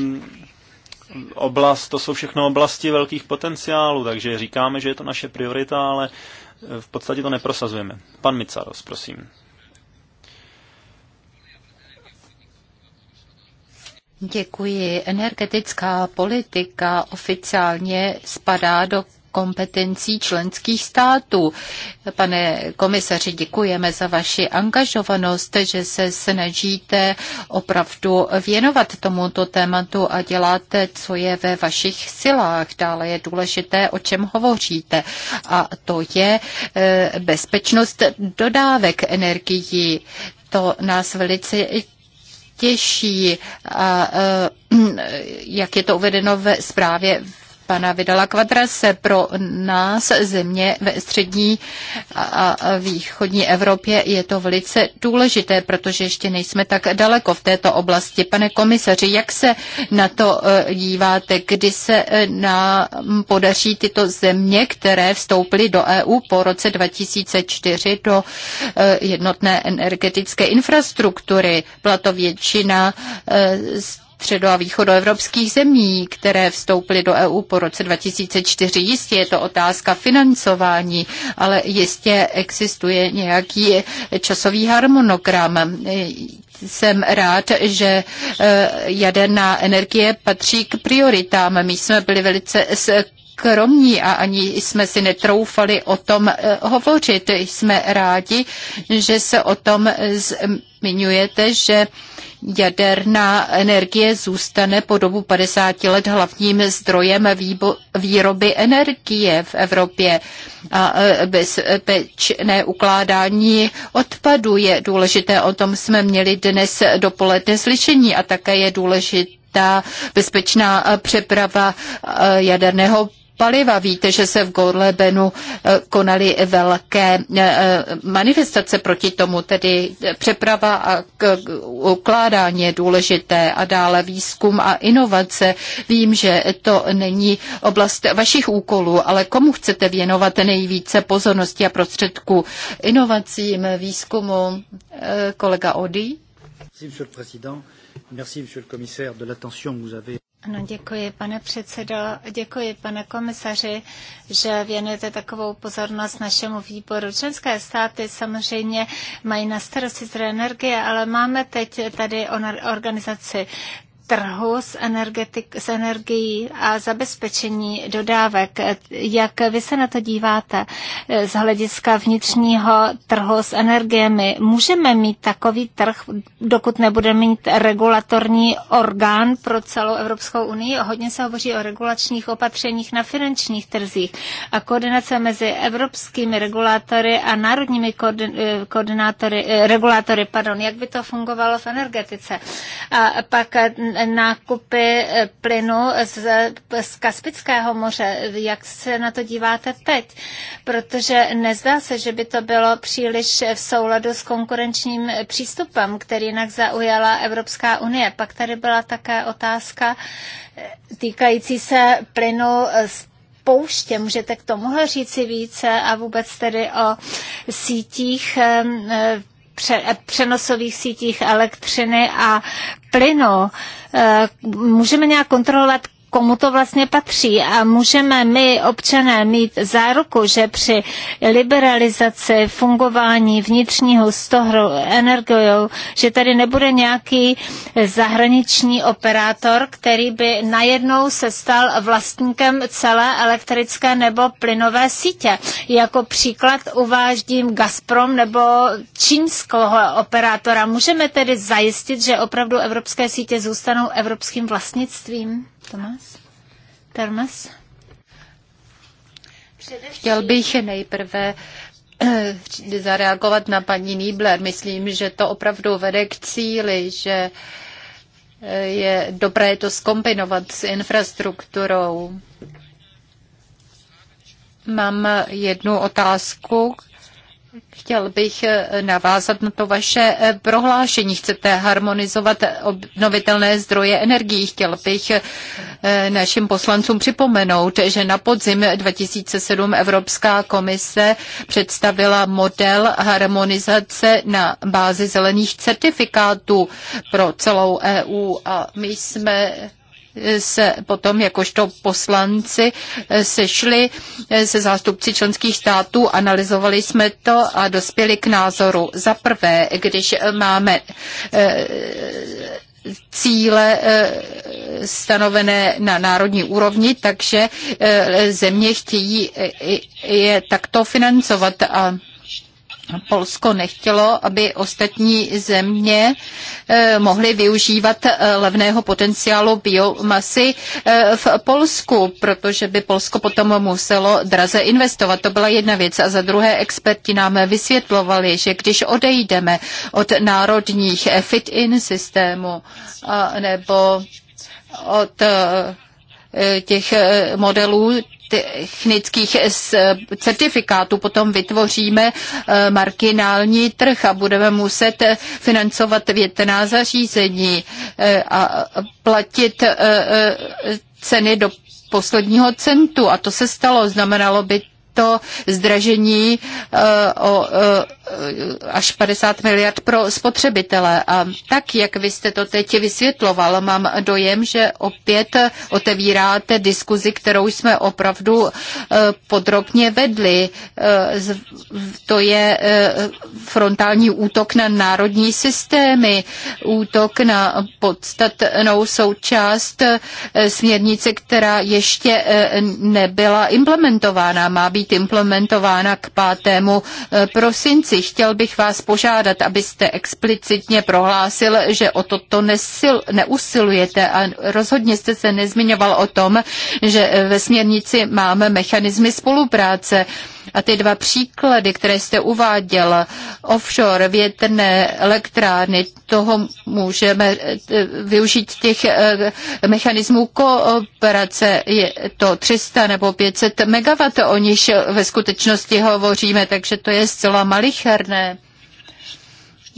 oblast, to jsou všechno oblasti velkých potenciálů, takže říkáme, že je to naše priorita, ale e, v podstatě to neprosazujeme. Pan Micaros, prosím. Děkuji. Energetická politika oficiálně spadá do kompetencí členských států. Pane komisaři, děkujeme za vaši angažovanost, že se snažíte opravdu věnovat tomuto tématu a děláte, co je ve vašich silách. Dále je důležité, o čem hovoříte. A to je e, bezpečnost dodávek energií. To nás velice těší, a, e, jak je to uvedeno ve zprávě pana Vidala Kvadrase. Pro nás země ve střední a východní Evropě je to velice důležité, protože ještě nejsme tak daleko v této oblasti. Pane komisaři, jak se na to e, díváte, kdy se e, nám podaří tyto země, které vstoupily do EU po roce 2004 do e, jednotné energetické infrastruktury? Byla to většina z středo- a východoevropských zemí, které vstoupily do EU po roce 2004. Jistě je to otázka financování, ale jistě existuje nějaký časový harmonogram jsem rád, že eh, jaderná energie patří k prioritám. My jsme byli velice skromní a ani jsme si netroufali o tom eh, hovořit. Jsme rádi, že se o tom zmiňujete, že jaderná energie zůstane po dobu 50 let hlavním zdrojem výroby energie v Evropě. A eh, bezpečné ukládání odpadu je důležité. O tom jsme měli dnes dopoledne slyšení a také je důležité ta bezpečná přeprava eh, jaderného paliva. Víte, že se v Gorlebenu eh, konaly velké eh, eh, manifestace proti tomu, tedy přeprava a ukládání je důležité a dále výzkum a inovace. Vím, že to není oblast vašich úkolů, ale komu chcete věnovat nejvíce pozornosti a prostředků? Inovacím, výzkumu, kolega Odi? Merci, monsieur le président. Merci, monsieur le commissaire, de l'attention que vous avez. No, děkuji, pane předsedo, děkuji, pane komisaři, že věnujete takovou pozornost našemu výboru. Členské státy samozřejmě mají na starosti zdroje energie, ale máme teď tady organizaci trhu s, energetik, s energií a zabezpečení dodávek. Jak vy se na to díváte eh, z hlediska vnitřního trhu s energiemi? Můžeme mít takový trh, dokud nebudeme mít regulatorní orgán pro celou Evropskou unii? Hodně se hovoří o regulačních opatřeních na finančních trzích a koordinace mezi evropskými regulátory a národními eh, koordinátory, eh, regulátory, pardon, jak by to fungovalo v energetice. A pak nákupy eh, plynu z, z Kaspického moře. Jak se na to díváte teď? Protože nezdá se, že by to bylo příliš v souladu s konkurenčním přístupem, který jinak zaujala Evropská unie. Pak tady byla také otázka eh, týkající se plynu z pouště. Můžete k tomuhle říci více a vůbec tedy o sítích eh, přenosových sítích elektřiny a plynu. Eh, můžeme nějak kontrolovat, komu to vlastně patří. A můžeme my, občané, mít záruku, že při liberalizaci fungování vnitřního stohru energiou, že tady nebude nějaký zahraniční operátor, který by najednou se stal vlastníkem celé elektrické nebo plynové sítě. Jako příklad uváždím Gazprom nebo čínského operátora. Můžeme tedy zajistit, že opravdu evropské sítě zůstanou evropským vlastnictvím? Tomáš? Termes. Chtěl bych nejprve eh, zareagovat na paní Niebler. Myslím, že to opravdu vede k cíli, že eh, je dobré to skombinovat s infrastrukturou. Mám jednu otázku, Chtěl bych eh, navázat na to vaše eh, prohlášení. Chcete harmonizovat obnovitelné zdroje energií. Chtěl bych eh, našim poslancům připomenout, že na podzim 2007 Evropská komise představila model harmonizace na bázi zelených certifikátů pro celou EU a my jsme se potom jakožto poslanci sešli se zástupci členských států, analyzovali jsme to a dospěli k názoru. Za prvé, když máme e, cíle e, stanovené na národní úrovni, takže e, země chtějí je takto financovat a Polsko nechtělo, aby ostatní země eh, mohly využívat eh, levného potenciálu biomasy eh, v Polsku, protože by Polsko potom muselo draze investovat. To byla jedna věc. A za druhé experti nám vysvětlovali, že když odejdeme od národních fit-in systému nebo od těch modelů technických certifikátů. Potom vytvoříme eh, marginální trh a budeme muset financovat větrná zařízení eh, a platit eh, ceny do posledního centu. A to se stalo. Znamenalo by to zdražení o až 50 miliard pro spotřebitele. A tak, jak vy jste to teď vysvětloval, mám dojem, že opět otevíráte diskuzi, kterou jsme opravdu eh, podrobně vedli. Eh, to je eh, frontální útok na národní systémy, útok na podstatnou součást směrnice, která ještě nebyla implementována. Má být implementována k 5. prosinci věci. Chtěl bych vás požádat, abyste explicitně prohlásil, že o toto nesil, neusilujete a rozhodně jste se nezmiňoval o tom, že ve směrnici máme mechanizmy spolupráce. A ty dva příklady, které jste uváděl, offshore, větrné elektrárny, toho můžeme eh, využít těch eh, mechanismů kooperace. Je to 300 nebo 500 MW, o nich ve skutečnosti hovoříme, takže to je zcela malicherné.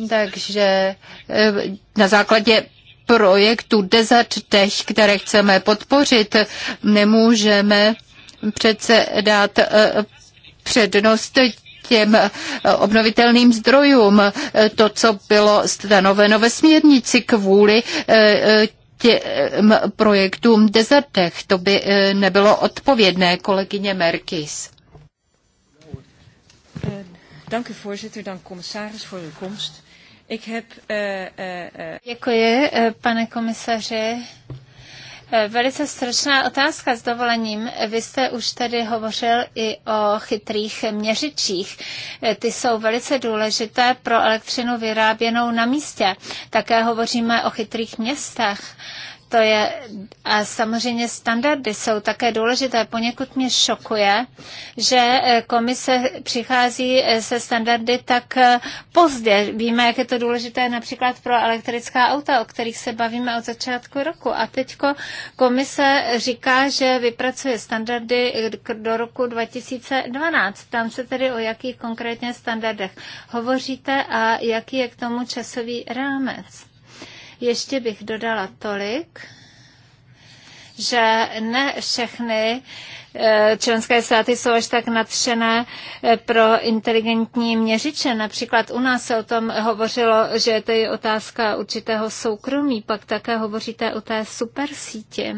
Takže eh, na základě projektu Desert Tech, které chceme podpořit, nemůžeme přece dát přednost těm eh, obnovitelným zdrojům. Eh, to, co bylo stanoveno ve směrnici kvůli eh, těm projektům dezertech, to by nebylo odpovědné, kolegyně Merkis. Děkuji, voorzitter, dank commissaris voor uw komst. Ik heb, uh, uh, uh... Děkuji, pane komisaře. Velice stručná otázka s dovolením. Vy jste už tady hovořil i o chytrých měřičích. Ty jsou velice důležité pro elektřinu vyráběnou na místě. Také hovoříme o chytrých městech. To je, a samozřejmě standardy jsou také důležité. Poněkud mě šokuje, že e, komise přichází e, se standardy tak e, pozdě. Víme, jak je to důležité například pro elektrická auta, o kterých se bavíme od začátku roku. A teďko komise říká, že vypracuje standardy do roku 2012. Tam se tedy o jakých konkrétně standardech hovoříte a jaký je k tomu časový rámec. Ještě bych dodala tolik, že ne všechny eh, členské státy jsou až tak nadšené eh, pro inteligentní měřiče. Například u nás se o tom hovořilo, že to je otázka určitého soukromí, pak také hovoříte o té supersíti. síti.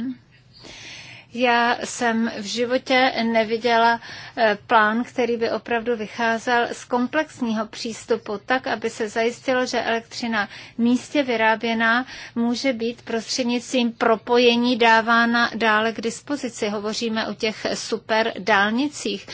Já jsem v životě neviděla eh, plán, který by opravdu vycházel z komplexního přístupu, tak, aby se zajistilo, že elektřina místě vyráběná může být prostřednictvím propojení dávána dále k dispozici. Hovoříme o těch super dálnicích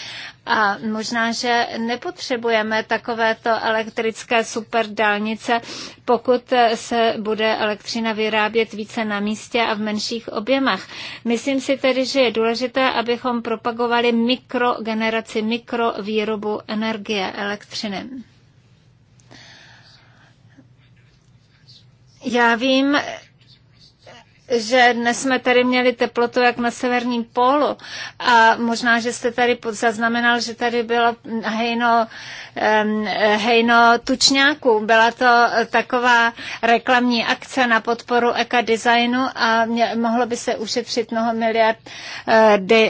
a možná, že nepotřebujeme takovéto elektrické superdálnice, pokud se bude elektřina vyrábět více na místě a v menších objemech. Myslím si tedy, že je důležité, abychom propagovali mikrogeneraci, mikrovýrobu energie elektřiny. Já vím, že dnes jsme tady měli teplotu jak na severním pólu a možná, že jste tady zaznamenal, že tady bylo hejno, hejno tučňáků. Byla to taková reklamní akce na podporu designu a mě, mohlo by se ušetřit mnoho miliard eh, de,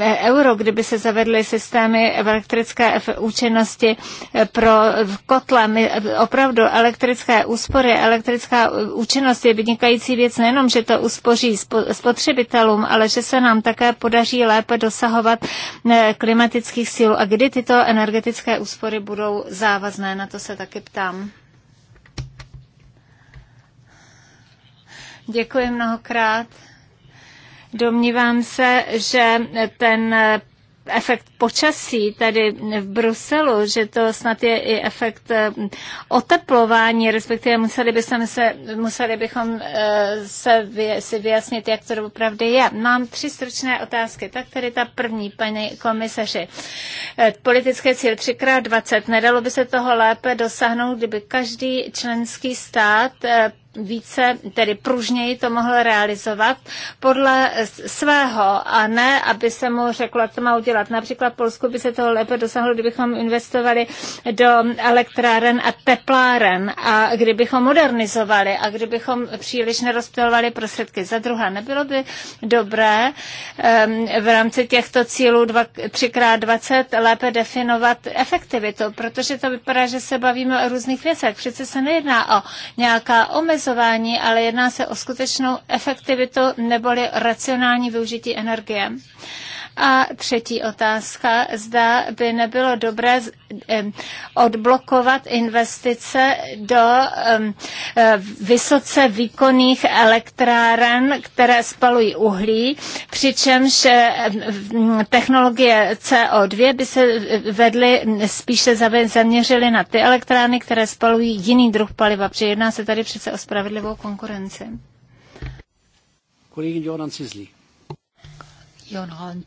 eh, euro, kdyby se zavedly systémy elektrické účinnosti eh, pro kotle. My, opravdu elektrické úspory, elektrická účinnost je vynikající věc nejenom, že to uspoří spotřebitelům, ale že se nám také podaří lépe dosahovat eh, klimatických sil A kdy tyto energetické úspory budou závazné, na to se taky ptám. Děkuji mnohokrát. Domnívám se, že ten efekt počasí tady v Bruselu, že to snad je i efekt eh, oteplování, respektive museli bychom, se, museli bychom eh, se, si vyjasnit, jak to opravdu je. Mám tři stručné otázky. Tak tady ta první, paní komisaři. Eh, politické cíl 3x20. Nedalo by se toho lépe dosáhnout, kdyby každý členský stát více, tedy pružněji to mohl realizovat podle svého a ne, aby se mu řeklo, co má udělat. Například v Polsku by se toho lépe dosáhlo, kdybychom investovali do elektráren a tepláren a kdybychom modernizovali a kdybychom příliš nerozptilovali prostředky. Za druhé, nebylo by dobré v rámci těchto cílů 3x20 lépe definovat efektivitu, protože to vypadá, že se bavíme o různých věcech. Přece se nejedná o nějaká omezení realizování, ale jedná se o skutečnou efektivitu neboli racionální využití energie. A třetí otázka, zda by nebylo dobré odblokovat investice do vysoce výkonných elektráren, které spalují uhlí, přičemž technologie CO2 by se vedly, spíše zaměřily na ty elektrárny, které spalují jiný druh paliva, protože jedná se tady přece o spravedlivou konkurenci. Kolegyně Joran Cizlík. Johan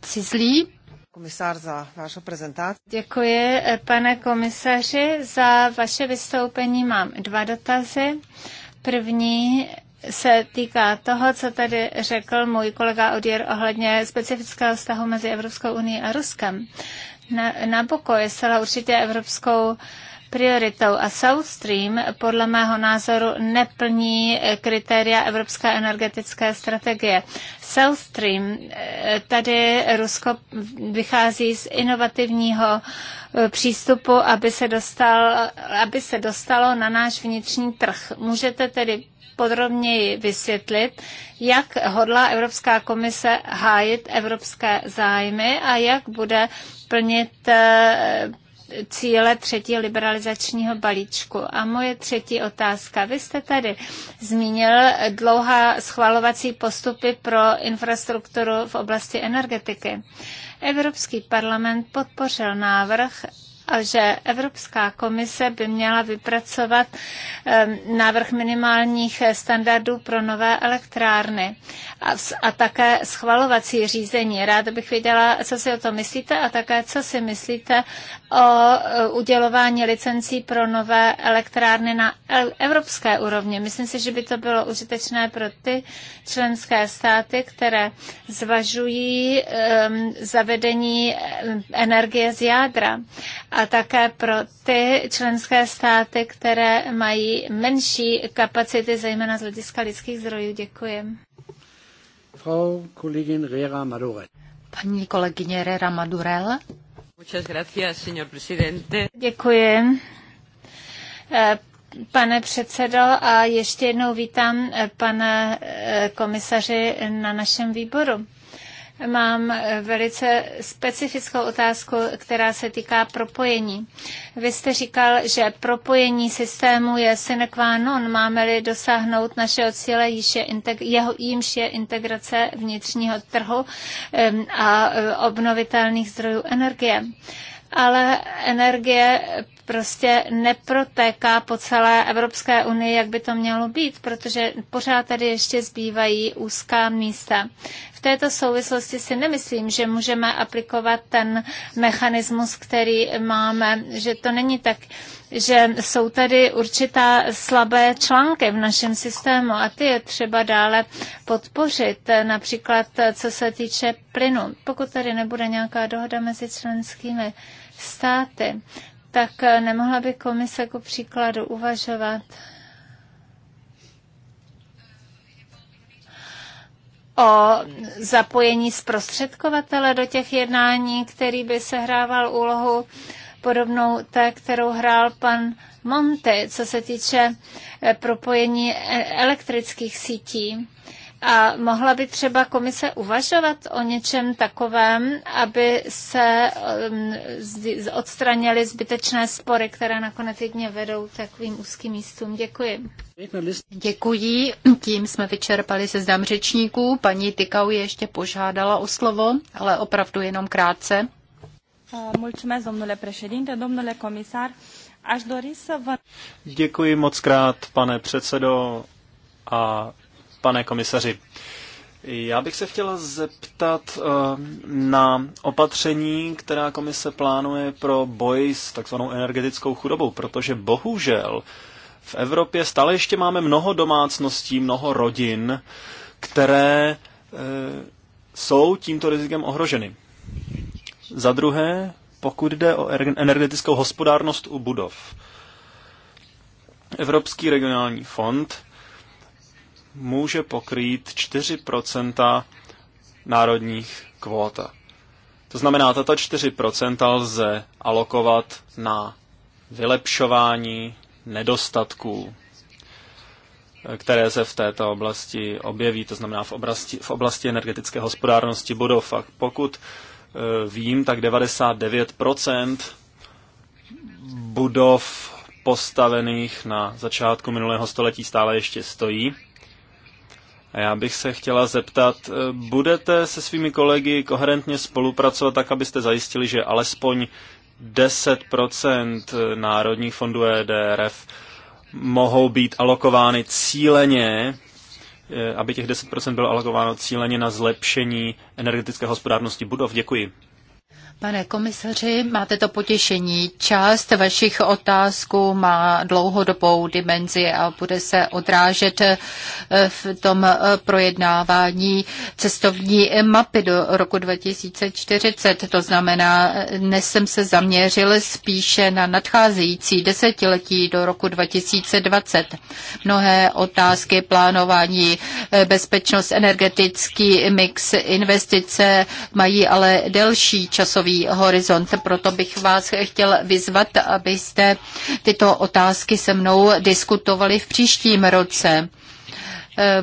Komisár za váš prezentaci. Děkuji, eh, pane komisaři, za vaše vystoupení. Mám dva dotazy. První se týká toho, co tady řekl můj kolega Odier ohledně specifického vztahu mezi Evropskou unii a Ruskem. Na, boku je zcela určitě evropskou prioritou. A South Stream podle mého názoru neplní kritéria Evropské energetické strategie. South Stream, eh, tady Rusko vychází z inovativního eh, přístupu, aby se, dostal, aby se dostalo na náš vnitřní trh. Můžete tedy podrobněji vysvětlit, jak hodlá Evropská komise hájit evropské zájmy a jak bude plnit eh, cíle třetí liberalizačního balíčku. A moje třetí otázka. Vy jste tady zmínil dlouhá schvalovací postupy pro infrastrukturu v oblasti energetiky. Evropský parlament podpořil návrh že Evropská komise by měla vypracovat návrh minimálních standardů pro nové elektrárny a, a také schvalovací řízení. Ráda bych věděla, co si o to myslíte a také, co si myslíte o e, udělování licencí pro nové elektrárny na evropské úrovni. Myslím si, že by to bylo užitečné pro ty členské státy, které zvažují um, zavedení energie z jádra. A a také pro ty členské státy, které mají menší kapacity, zejména z hlediska lidských zdrojů. Děkuji. Frau Kollegin Rera Madurel. Paní kolegyně Rera Madurel. Muchas gracias, señor presidente. Děkuji. Eh, pane předsedo, a ještě jednou vítám eh, pana eh, komisaři na našem výboru mám eh, velice specifickou otázku, která se týká propojení. Vy jste říkal, že propojení systému je sine qua non. Máme-li dosáhnout našeho cíle, je jeho, jímž je integrace vnitřního trhu a eh, obnovitelných zdrojů energie ale energie prostě neprotéká po celé Evropské unii, jak by to mělo být, protože pořád tady ještě zbývají úzká místa. V této souvislosti si nemyslím, že můžeme aplikovat ten mechanismus, který máme, že to není tak, že jsou tady určitá slabé články v našem systému a ty je třeba dále podpořit, například co se týče plynu. Pokud tady nebude nějaká dohoda mezi členskými státy, tak nemohla by komise ku příkladu uvažovat o zapojení zprostředkovatele do těch jednání, který by sehrával úlohu podobnou té, kterou hrál pan Monte, co se týče eh, propojení eh, elektrických sítí. A mohla by třeba komise uvažovat o něčem takovém, aby se mm, odstranily zbytečné spory, které nakonec jedně vedou takovým úzkým místům. Děkuji. Děkuji. Tím jsme vyčerpali seznam řečníků. Paní Tykau je ještě požádala o slovo, ale opravdu jenom krátce. Mulțumesc, domnule președinte, domnule comisar. Aș dori să vă... Děkuji moc krát, pane předsedo a pane komisaři. Já bych se chtěla zeptat eh, na opatření, která komise plánuje pro boj s takzvanou energetickou chudobou, protože bohužel v Evropě stále ještě máme mnoho domácností, mnoho rodin, které eh, jsou tímto rizikem ohroženy. Za druhé, pokud jde o energetickou hospodárnost u budov. Evropský regionální fond může pokrýt 4 národních kvóta. To znamená, tato 4 lze alokovat na vylepšování nedostatků, které se v této oblasti objeví, to znamená v oblasti, v oblasti energetické hospodárnosti budov. A pokud Eh, vím, tak 99% budov postavených na začátku minulého století stále ještě stojí. A já bych se chtěla zeptat, eh, budete se svými kolegy koherentně spolupracovat tak, abyste zajistili, že alespoň 10% národních fondů EDRF mohou být alokovány cíleně aby těch 10% bylo alokováno cíleně na zlepšení energetické hospodárnosti budov. Děkuji. Pane komisaři, máte to potěšení. Část vašich otázků má dlouhodobou dimenzi a bude se odrážet eh, v tom eh, projednávání cestovní mapy do roku 2040. To znamená, eh, dnes jsem se zaměřil spíše na nadcházející desetiletí do roku 2020. Mnohé otázky plánování, bezpečnost, energetický mix, investice mají ale delší časový časový horizont. Proto bych vás chtěl vyzvat, abyste tyto otázky se mnou diskutovali v příštím roce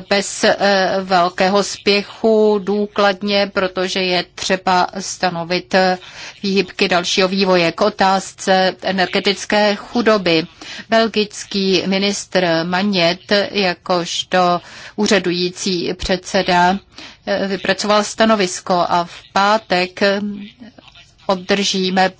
bez eh, velkého spěchu, důkladně, protože je třeba stanovit eh, výhybky dalšího vývoje k otázce energetické chudoby. Belgický ministr Manět, jakožto úřadující předseda, eh, vypracoval stanovisko a v pátek obdržíme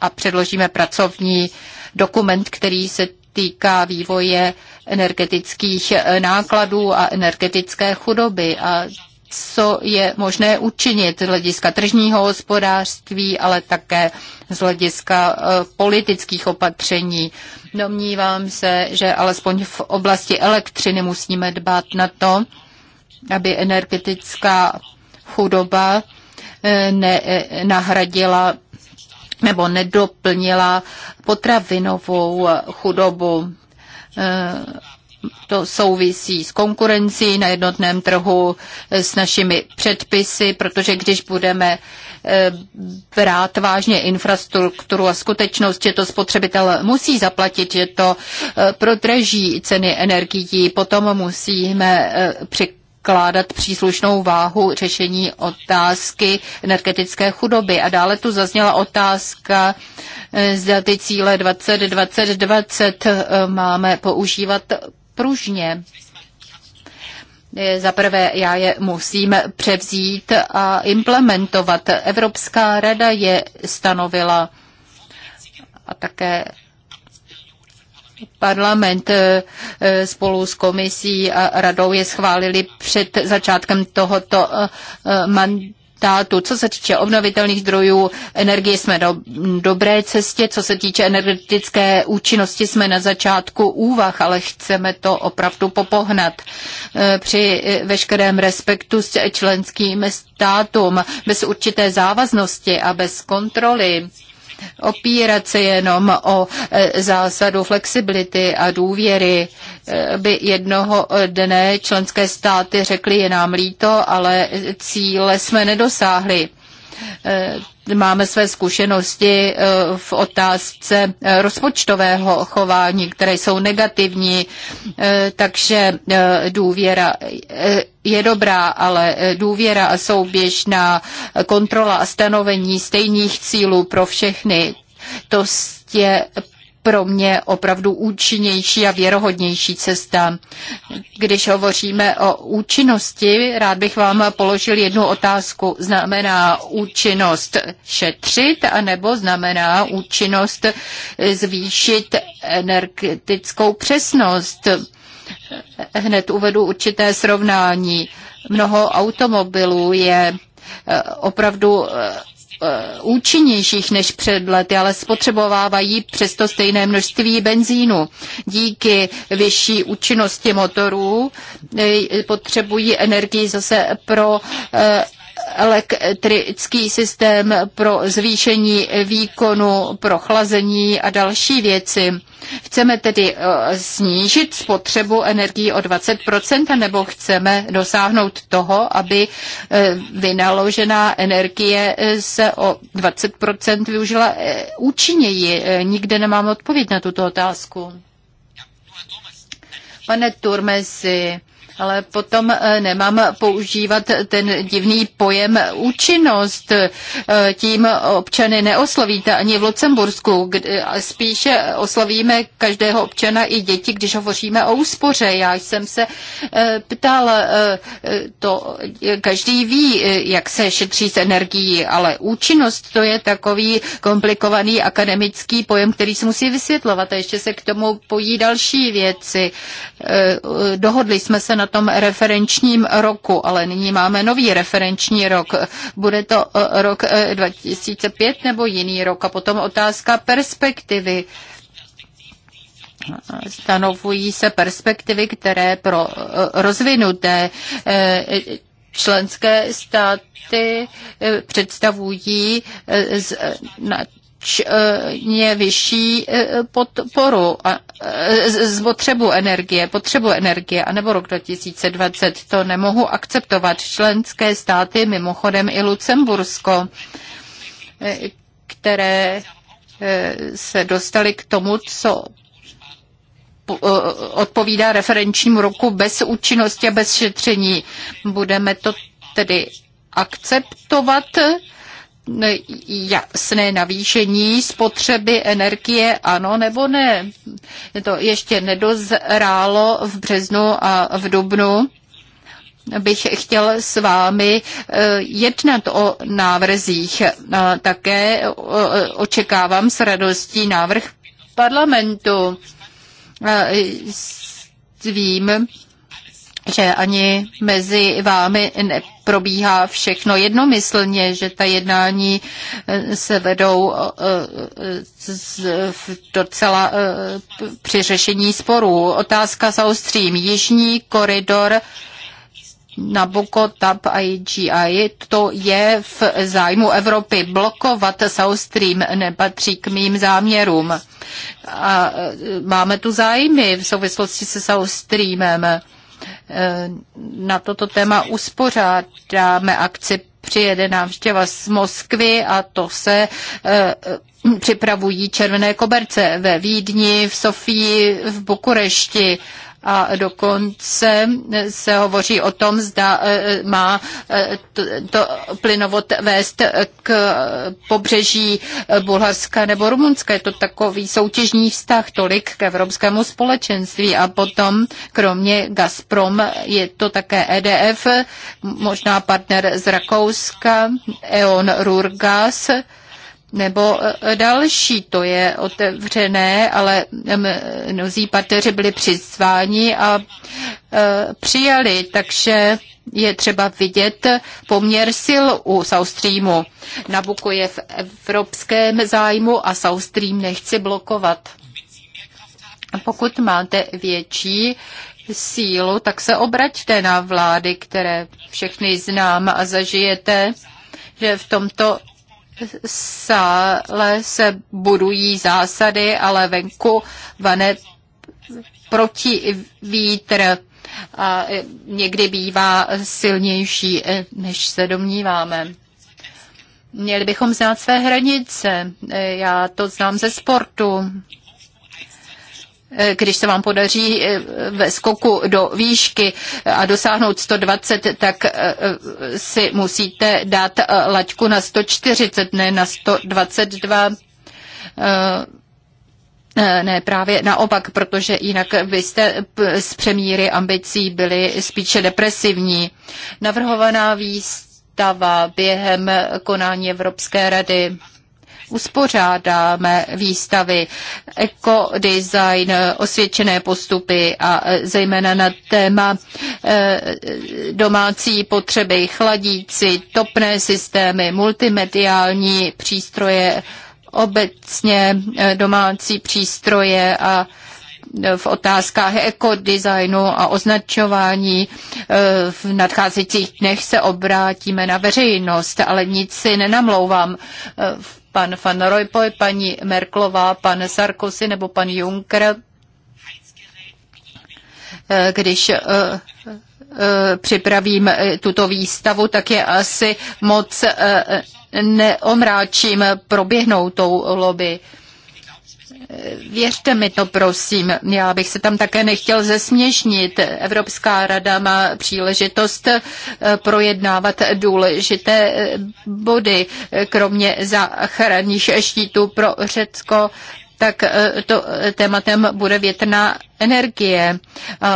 a předložíme pracovní dokument, který se týká vývoje energetických eh, nákladů a energetické chudoby a co je možné učinit z hlediska tržního hospodářství, ale také z hlediska eh, politických opatření. Domnívám se, že alespoň v oblasti elektřiny musíme dbát na to, aby energetická chudoba Eh, eh, nahradila nebo nedoplnila potravinovou chudobu. Eh, to souvisí s konkurencí na jednotném trhu, s našimi předpisy, protože když budeme brát vážně infrastrukturu a skutečnost, že to spotřebitel musí zaplatit, že to prodraží ceny energií, potom musíme při kládat příslušnou váhu řešení otázky energetické chudoby. A dále tu zazněla otázka, eh, zda ty cíle 2020 20 eh, máme používat pružně. Eh, za prvé, já je musím převzít a implementovat. Evropská rada je stanovila a také Parlament eh, eh, spolu s komisí a radou je schválili před začátkem tohoto eh, mandátu Co se týče obnovitelných zdrojů energie, jsme na dobré cestě. Co se týče energetické účinnosti, jsme na začátku úvah, ale chceme to opravdu popohnat. Při veškerém respektu s členským státům, bez určité závaznosti a bez kontroly opírat se jenom o e, zásadu flexibility a důvěry. E, by jednoho dne členské státy řekly, je nám líto, ale cíle jsme nedosáhli. E, máme své zkušenosti eh, v otázce eh, rozpočtového chování, které jsou negativní, eh, takže důvěra je dobrá, ale důvěra a souběžná kontrola a stanovení stejných cílů pro všechny, to je pro mě opravdu účinnější a věrohodnější cesta. Když hovoříme o účinnosti, rád bych vám položil jednu otázku. Znamená účinnost šetřit, anebo znamená účinnost zvýšit energetickou přesnost? Hned uvedu určité srovnání. Mnoho automobilů je eh, opravdu eh, Eh, účinnějších než před lety, ale spotřebovávají přesto stejné množství benzínu. Díky vyšší účinnosti motorů eh, potřebují energii zase pro eh, elektrický systém pro zvýšení výkonu, pro chlazení a další věci. Chceme tedy eh, snížit spotřebu energii o 20%, nebo chceme dosáhnout toho, aby eh, vynaložená energie eh, se o 20% využila účinněji. Nikde nemám odpověď na tuto otázku. Pane Turmesi, ale potom eh, nemám používat ten divný pojem účinnost. Eh, tím občany neoslovíte ani v Lucembursku. Spíše oslovíme každého občana i děti, když hovoříme o úspoře. Já jsem se eh, ptal, to každý ví, jak se šetří s energií, ale účinnost to je takový komplikovaný akademický pojem, který se musí vysvětlovat. A ještě se k tomu pojí další věci. Dohodli jsme se na tom referenčním roku, ale nyní máme nový referenční rok. Bude to eh, rok 2005 eh, nebo jiný rok? A potom otázka perspektivy. Stanovují se perspektivy, které pro eh, rozvinuté členské státy představují z, na značně vyšší eh, podporu a eh, z potřebu energie, potřebu energie, anebo rok 2020. To nemohu akceptovat. Členské státy, mimochodem i Lucembursko, eh, které se dostali k tomu, co odpovídá referenčnímu roku bez účinnosti a bez šetření. Budeme to tedy akceptovat jasné navýšení spotřeby energie, ano nebo ne. To ještě nedozrálo v březnu a v dubnu bych chtěl s vámi eh, jednat o návrzích. Eh, také eh, očekávám s radostí návrh parlamentu. Vím, že ani mezi vámi neprobíhá všechno jednomyslně, že ta jednání eh, se vedou eh, docela eh, při řešení sporů. Otázka zaostřím. Jižní koridor Nabucco TAP IGI, to je v zájmu Evropy. Blokovat South Stream nepatří k mým záměrům. A máme tu zájmy v souvislosti se South Streamem na toto téma uspořádáme akci přijede návštěva z Moskvy a to se e, připravují červené koberce ve Vídni, v Sofii, v Bukurešti a dokonce se hovoří o tom, zda e, má e, to, to plynovod vést k pobřeží Bulharska nebo Rumunska. Je to takový soutěžní vztah tolik k evropskému společenství a potom kromě Gazprom je to také EDF, možná partner z Rakouska, E.ON Rurgas, nebo e, další. To je otevřené, ale mnozí pateři byli přizváni a e, přijali, takže je třeba vidět poměr sil u South Streamu. Nabuko je v evropském zájmu a South Stream nechci blokovat. Pokud máte větší sílu, tak se obraťte na vlády, které všechny znám a zažijete, že v tomto sále se budují zásady, ale venku vane proti vítr a někdy bývá silnější, než se domníváme. Měli bychom znát své hranice. Já to znám ze sportu když se vám podaří eh, ve skoku do výšky a dosáhnout 120, tak eh, si musíte dát eh, laťku na 140, ne na 122 ne, právě naopak, protože jinak byste z přemíry ambicí byli spíše depresivní. Navrhovaná výstava během konání Evropské rady uspořádáme výstavy, eko-design, osvědčené postupy a e, zejména na téma e, domácí potřeby, chladíci, topné systémy, multimediální přístroje, obecně e, domácí přístroje a v otázkách ekodesignu a označování. V nadcházejících dnech se obrátíme na veřejnost, ale nic si nenamlouvám. V pan Van Rompuy, paní Merklová, pan Sarkozy nebo pan Juncker, když eh, eh, připravím eh, tuto výstavu, tak je asi moc neomráčím proběhnou lobby. Věřte mi to, prosím. Já bych se tam také nechtěl zesměšnit. Evropská rada má příležitost eh, projednávat důležité eh, body, eh, kromě záchranných štítů pro Řecko tak e, to e, tématem bude větrná energie.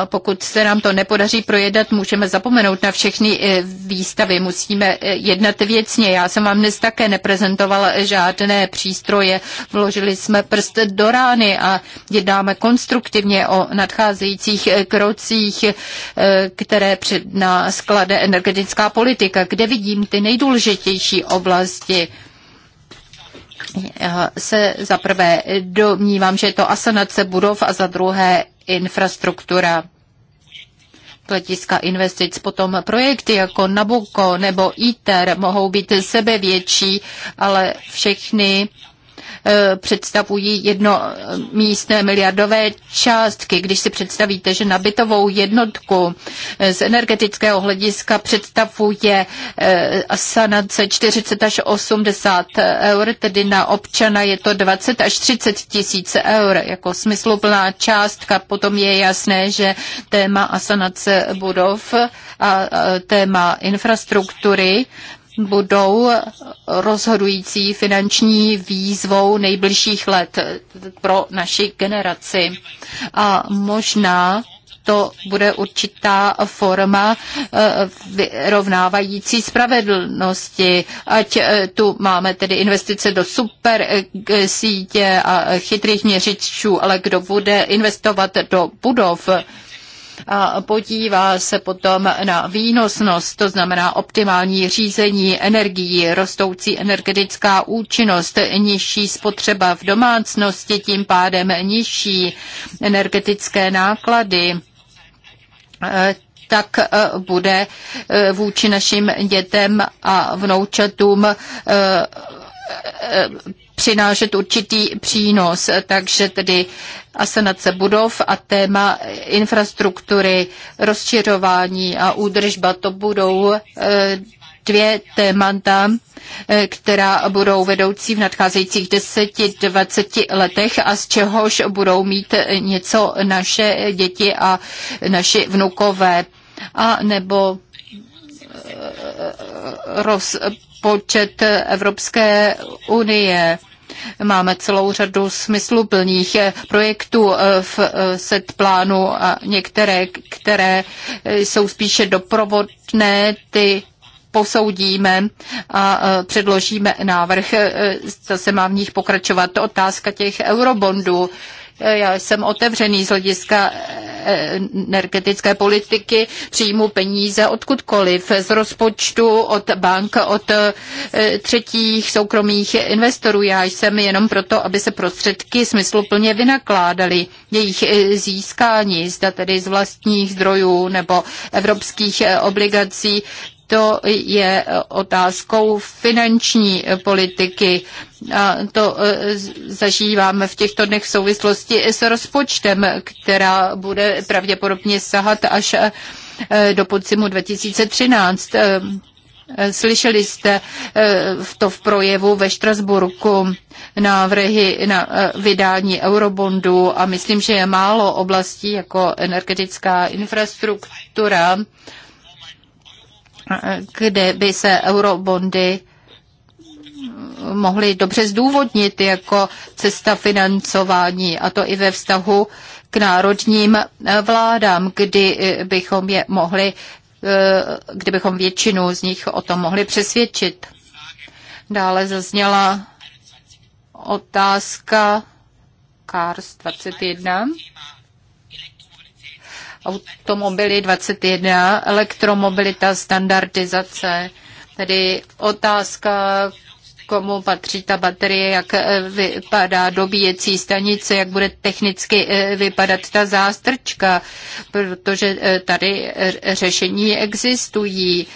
pokud se nám to nepodaří projedat, můžeme zapomenout na všechny e, výstavy. Musíme jednat věcně. Já jsem vám dnes také neprezentovala žádné přístroje. Vložili jsme prst do rány a jednáme konstruktivně o nadcházejících krocích, které před nás klade energetická politika, kde vidím ty nejdůležitější oblasti Vlastně, eh, se za prvé domnívám, že je to asanace budov a za druhé infrastruktura hlediska investic. Potom projekty jako Nabucco nebo ITER mohou být sebevětší, ale všechny E, představují jedno e, místné miliardové částky. Když si představíte, že nabitovou jednotku e, z energetického hlediska představuje sanace 40 až 80 eur, tedy na občana je to 20 až 30 tisíc eur jako smysluplná částka. Potom je jasné, že téma asanace budov a téma infrastruktury budou rozhodující finanční výzvou nejbližších let pro naši generaci. A možná to bude určitá forma eh, vyrovnávající spravedlnosti. Ať eh, tu máme tedy investice do super eh, sítě a chytrých měřičů, ale kdo bude investovat do budov, a podívá se potom na výnosnost, to znamená optimální řízení energií, rostoucí energetická účinnost, nižší spotřeba v domácnosti, tím pádem nižší energetické náklady tak e, bude e, vůči našim dětem a vnoučatům e, přinášet určitý přínos, takže tedy asanace budov a téma infrastruktury, rozčirování a údržba, to budou eh, dvě témata, eh, která budou vedoucí v nadcházejících 10-20 letech a z čehož budou mít něco naše děti a naši vnukové a nebo eh, roz rozpočet Evropské unie. Máme celou řadu smysluplných projektů eh, v eh, set plánu a některé, které jsou spíše doprovodné, ty posoudíme a eh, předložíme návrh, zase má v nich pokračovat otázka těch eurobondů. Eh, já jsem otevřený z hlediska eh, energetické politiky, přijmu peníze odkudkoliv, z rozpočtu, od bank, od eh, třetích soukromých investorů. Já jsem jenom proto, aby se prostředky smysluplně vynakládaly. Jejich získání, zda tedy z vlastních zdrojů nebo evropských obligací, to je otázkou finanční politiky. A to e, zažíváme v těchto dnech v souvislosti s rozpočtem, která bude pravděpodobně sahat až e, do podzimu 2013. E, slyšeli jste v to v projevu ve Štrasburku návrhy na vydání eurobondů a myslím, že je málo oblastí jako energetická infrastruktura, kde by se eurobondy mohly dobře zdůvodnit jako cesta financování, a to i ve vztahu k národním eh, vládám, kdy eh, bychom je mohli, eh, kdybychom většinu z nich o tom mohli přesvědčit. Dále zazněla otázka Cars 21 automobily, 21 elektromobilita, standardizace, tedy otázka, komu patří ta baterie, jak eh, vypadá dobíjecí stanice, jak bude technicky eh, vypadat ta zástrčka, protože eh, tady řešení existují.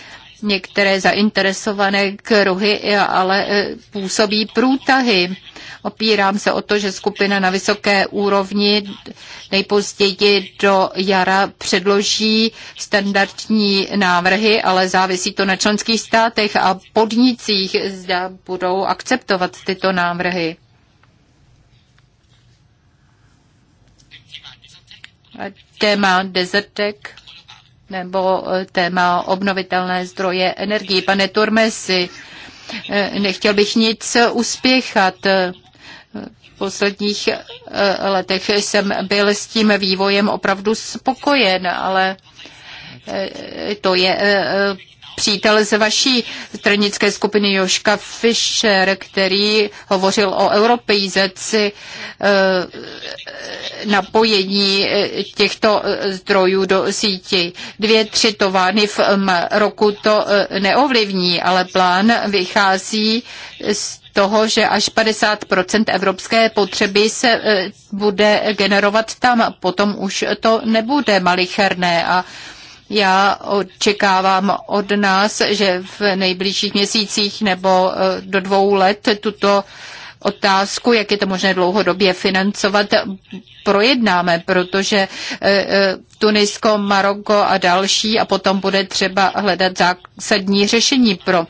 Některé zainteresované kruhy ale působí průtahy. Opírám se o to, že skupina na vysoké úrovni nejpozději do jara předloží standardní návrhy, ale závisí to na členských státech a podnicích, zda budou akceptovat tyto návrhy. Téma desertek nebo téma obnovitelné zdroje energii. Pane Turmesi, nechtěl bych nic uspěchat v posledních eh, letech jsem byl s tím vývojem opravdu spokojen, ale eh, to je eh, přítel z vaší trnické skupiny Joška Fischer, který hovořil o europeizaci eh, napojení eh, těchto eh, zdrojů do sítí, Dvě, tři továrny v roku to neovlivní, ale plán vychází z toho, že až 50 evropské potřeby se bude generovat tam. Potom už to nebude malicherné a já očekávám od nás, že v nejbližších měsících nebo eh, do dvou let tuto otázku, jak je to možné dlouhodobě financovat, projednáme, protože eh, eh, Tunisko, Maroko a další a potom bude třeba hledat zásadní řešení pro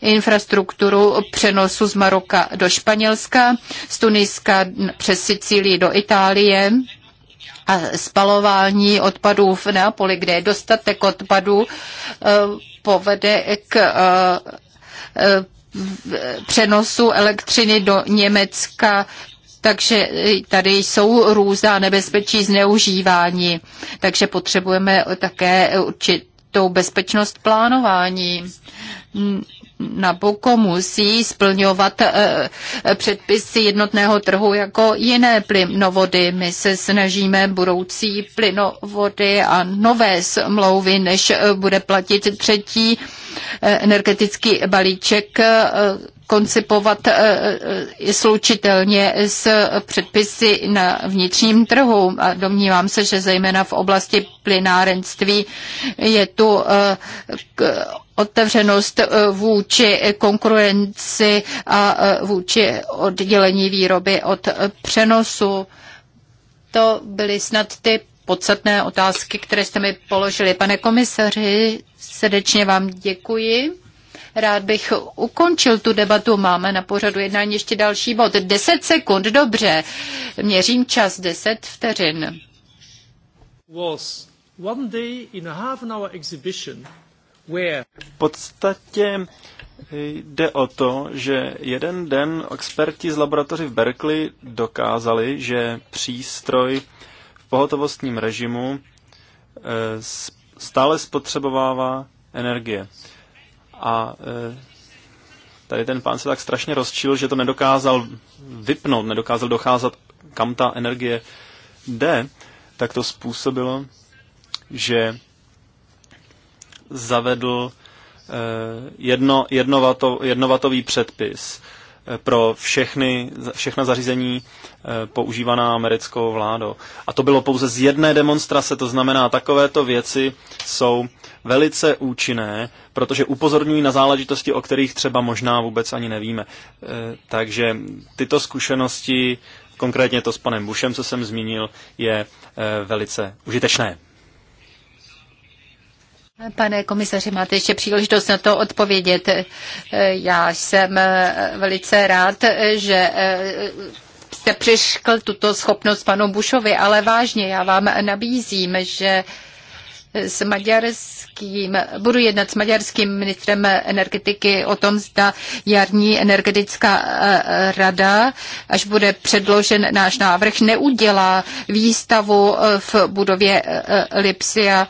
infrastrukturu přenosu z Maroka do Španělska, z Tuniska přes Sicílii do Itálie a spalování odpadů v Neapoli, kde je dostatek odpadů, eh, povede k eh, eh, přenosu elektřiny do Německa, takže tady jsou různá nebezpečí zneužívání, takže potřebujeme také určitou bezpečnost plánování boku musí splňovat eh, eh, předpisy jednotného trhu jako jiné plynovody. My se snažíme budoucí plynovody a nové smlouvy, než eh, bude platit třetí energetický balíček, koncipovat slučitelně s předpisy na vnitřním trhu. A domnívám se, že zejména v oblasti plynárenství je tu otevřenost eh, vůči konkurenci a eh, vůči oddělení výroby od eh, přenosu. To byly snad ty podstatné otázky, které jste mi položili. Pane komisaři, srdečně vám děkuji. Rád bych ukončil tu debatu. Máme na pořadu jednání ještě další bod. 10 sekund, dobře. Měřím čas 10 vteřin. Was one day in a half an hour exhibition v podstatě jde o to, že jeden den experti z laboratoři v Berkeley dokázali, že přístroj v pohotovostním režimu eh, stále spotřebovává energie. A eh, tady ten pán se tak strašně rozčil, že to nedokázal vypnout, nedokázal docházet, kam ta energie jde, tak to způsobilo, že zavedl eh, jedno, jednovato, jednovatový předpis eh, pro všechny, všechna zařízení eh, používaná americkou vládou. A to bylo pouze z jedné demonstrace, to znamená, takovéto věci jsou velice účinné, protože upozorňují na záležitosti, o kterých třeba možná vůbec ani nevíme. Takže tyto zkušenosti, konkrétně to s panem Bushem, co jsem zmínil, je velice užitečné. Pane komisaři, máte ještě příležitost na to odpovědět. Já jsem velice rád, že jste přiškl tuto schopnost panu Bušovi, ale vážně já vám nabízím, že s maďarským, budu jednat s maďarským ministrem energetiky o tom, zda jarní energetická rada, až bude předložen náš návrh, neudělá výstavu v budově Lipsia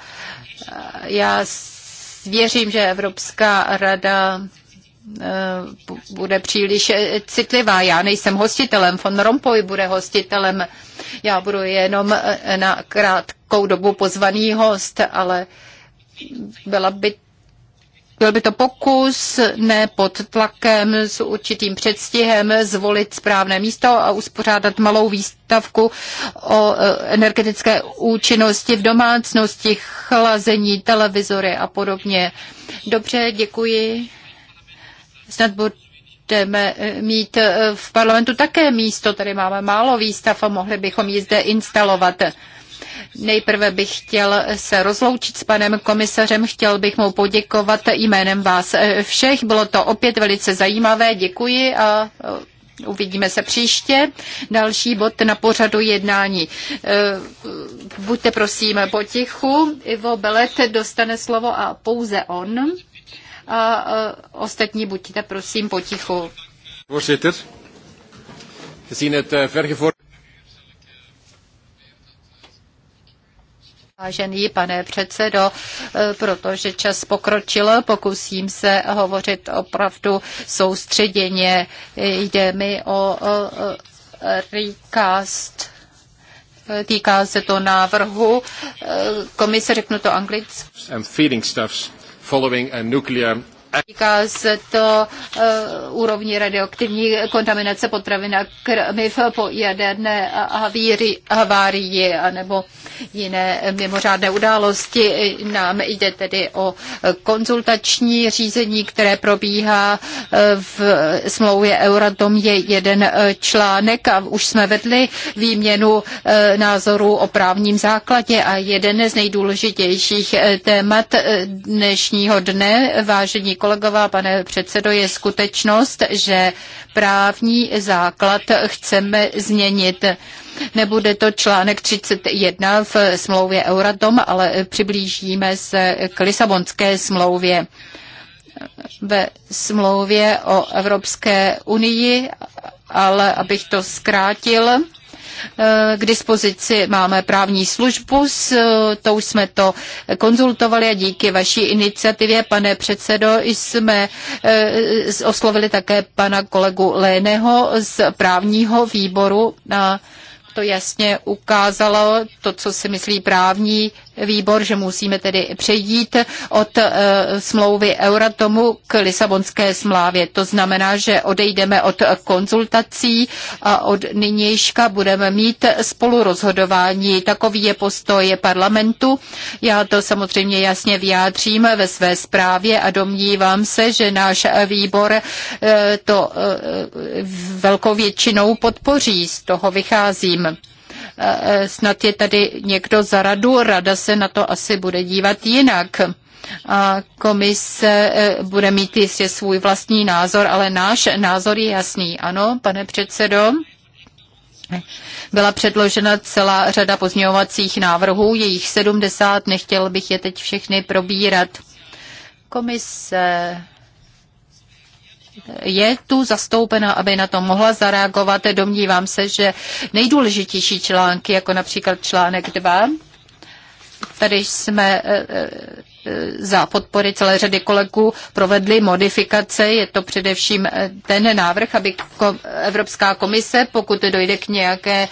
já věřím, že Evropská rada eh, bude příliš eh, citlivá. Já nejsem hostitelem, von Rompuy bude hostitelem. Já budu jenom eh, na krátkou dobu pozvaný host, ale byla by byl by to pokus ne pod tlakem s určitým předstihem zvolit správné místo a uspořádat malou výstavku o e, energetické účinnosti v domácnosti, chlazení, televizory a podobně. Dobře, děkuji. Snad budeme e, mít e, v parlamentu také místo, tady máme málo výstav a mohli bychom ji zde instalovat. Nejprve bych chtěl se rozloučit s panem komisařem, chtěl bych mu poděkovat jménem vás všech. Bylo to opět velice zajímavé, děkuji a Uvidíme se příště. Další bod na pořadu jednání. E, buďte prosím potichu. Ivo Belet dostane slovo a pouze on. A ostatní buďte prosím potichu. Voorzitter, gezien het eh, vergevormde Vážený pane předsedo, eh, protože čas pokročil, pokusím se hovořit opravdu soustředěně. Jde mi o recast. Týká se to návrhu. Eh, komise, řeknu to anglicky. Týká se to uh, úrovni radioaktivní kontaminace potravin a krmiv po jaderné havíry, havárii nebo jiné mimořádné události. Nám jde tedy o konzultační řízení, které probíhá eh, v smlouvě Euratom je jeden eh, článek a už jsme vedli výměnu názorů o právním základě a jeden z nejdůležitějších témat dnešního dne, vážení kolegové, pane předsedo, je skutečnost, že právní základ chceme změnit. Nebude to článek 31 v smlouvě Euratom, ale přiblížíme se k Lisabonské smlouvě ve smlouvě o Evropské unii, ale abych to zkrátil, Eh, k dispozici máme právní službu, s eh, tou jsme to konzultovali a díky vaší iniciativě, pane předsedo, jsme eh, oslovili také pana kolegu Léného z právního výboru. A to jasně ukázalo to, co si myslí právní výbor, že musíme tedy přejít od e, smlouvy Euratomu k Lisabonské smlávě. To znamená, že odejdeme od konzultací a od nynějška budeme mít spolurozhodování. Takový je postoj parlamentu. Já to samozřejmě jasně vyjádřím ve své zprávě a domnívám se, že náš výbor e, to e, velkou většinou podpoří. Z toho vycházím. Eh, eh, snad je tady někdo za radu, rada se na to asi bude dívat jinak. A komise eh, bude mít jistě svůj vlastní názor, ale náš názor je jasný. Ano, pane předsedo? Byla předložena celá řada pozměňovacích návrhů, jejich 70, nechtěl bych je teď všechny probírat. Komise je tu zastoupena, aby na to mohla zareagovat. Domnívám se, že nejdůležitější články, jako například článek 2, tady jsme e, e, e, za podpory celé řady kolegů provedli modifikace. Je to především ten návrh, aby Evropská komise, pokud dojde k nějaké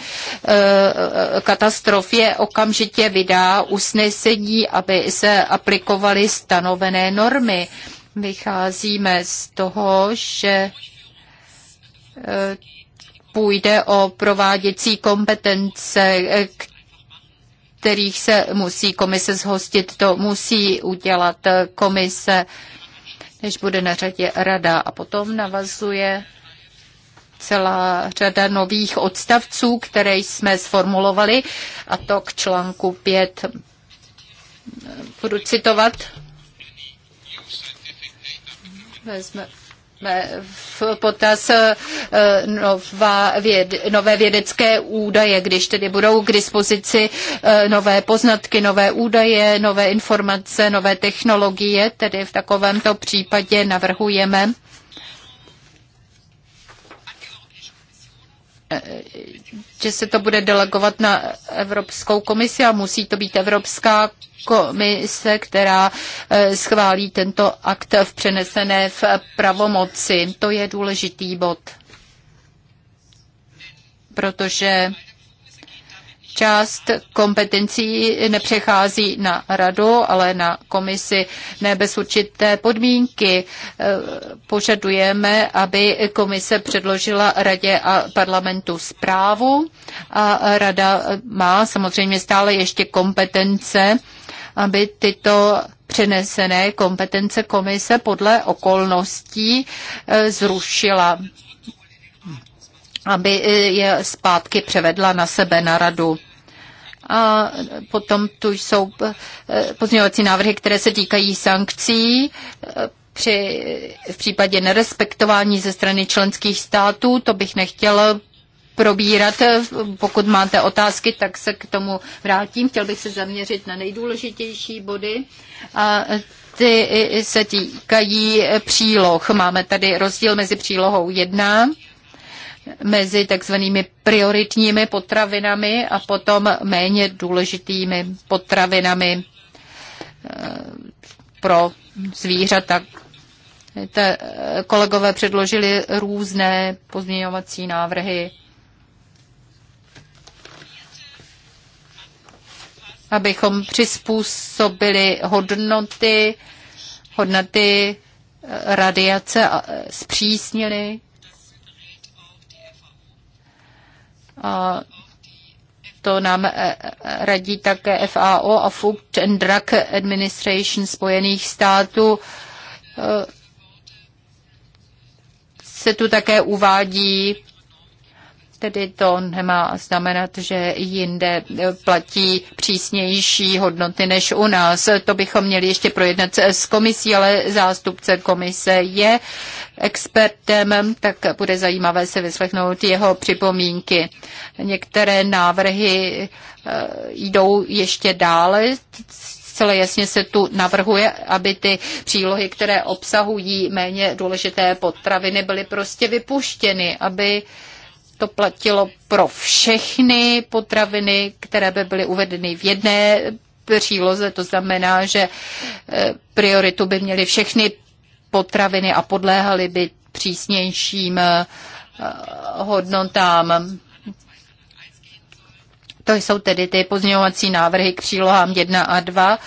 katastrofě, okamžitě vydá usnesení, aby se aplikovaly stanovené normy. Vycházíme z toho, že eh, půjde o prováděcí kompetence, eh, kterých se musí komise zhostit. To musí udělat eh, komise, než bude na řadě rada. A potom navazuje celá řada nových odstavců, které jsme sformulovali, a to k článku 5. Budu citovat vezme v potaz eh, nová věd, nové vědecké údaje, když tedy budou k dispozici eh, nové poznatky, nové údaje, nové informace, nové technologie, tedy v takovémto případě navrhujeme Eh, že se to bude delegovat na Evropskou komisi a musí to být Evropská komise, která eh, schválí tento akt v přenesené v pravomoci. To je důležitý bod, protože Část kompetencí nepřechází na radu, ale na komisi ne bez určité podmínky. E, požadujeme, aby komise předložila radě a parlamentu zprávu a rada má samozřejmě stále ještě kompetence, aby tyto přenesené kompetence komise podle okolností e, zrušila, aby je zpátky převedla na sebe, na radu. A potom tu jsou eh, pozměňovací návrhy, které se týkají sankcí eh, při, v případě nerespektování ze strany členských států. To bych nechtěla probírat. Pokud máte otázky, tak se k tomu vrátím. Chtěl bych se zaměřit na nejdůležitější body. A ty se týkají příloh. Máme tady rozdíl mezi přílohou 1 mezi takzvanými prioritními potravinami a potom méně důležitými potravinami eh, pro zvířata. Te eh, kolegové předložili různé pozměňovací návrhy, abychom přizpůsobili hodnoty, hodnoty eh, radiace a zpřísnili A to nám eh, eh, radí také FAO a Food and Drug Administration Spojených států. Eh, se tu také uvádí Tedy to nemá znamenat, že jinde platí přísnější hodnoty než u nás. To bychom měli ještě projednat s komisí, ale zástupce komise je expertem, tak bude zajímavé se vyslechnout jeho připomínky. Některé návrhy eh, jdou ještě dále, Celé jasně se tu navrhuje, aby ty přílohy, které obsahují méně důležité potraviny, byly prostě vypuštěny, aby to platilo pro všechny potraviny, které by byly uvedeny v jedné příloze. To znamená, že e, prioritu by měly všechny potraviny a podléhaly by přísnějším e, hodnotám. To jsou tedy ty pozměňovací návrhy k přílohám 1 a 2.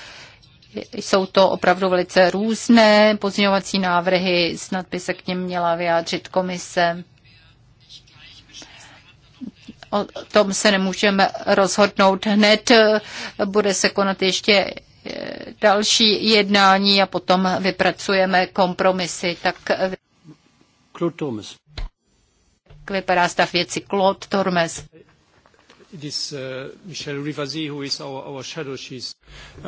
Jsou to opravdu velice různé pozměňovací návrhy, snad by se k něm měla vyjádřit komise. O tom se nemůžeme rozhodnout hned. Bude se konat ještě eh, další jednání a potom vypracujeme kompromisy. Tak eh, jak vypadá stav věci Claude Tormes. Eh,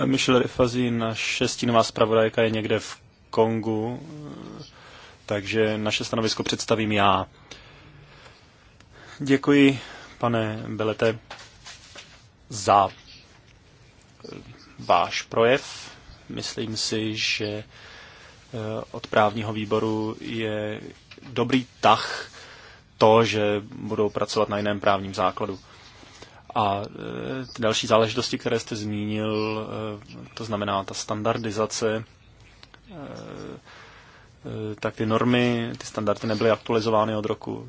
Michel Rifazi, naše stínová zpravodajka, je někde v Kongu, takže naše stanovisko představím já. Děkuji pane Belete, za e, váš projev. Myslím si, že e, od právního výboru je dobrý tah to, že budou pracovat na jiném právním základu. A e, ty další záležitosti, které jste zmínil, to znamená ta standardizace, tak ty normy, ty standardy nebyly aktualizovány od roku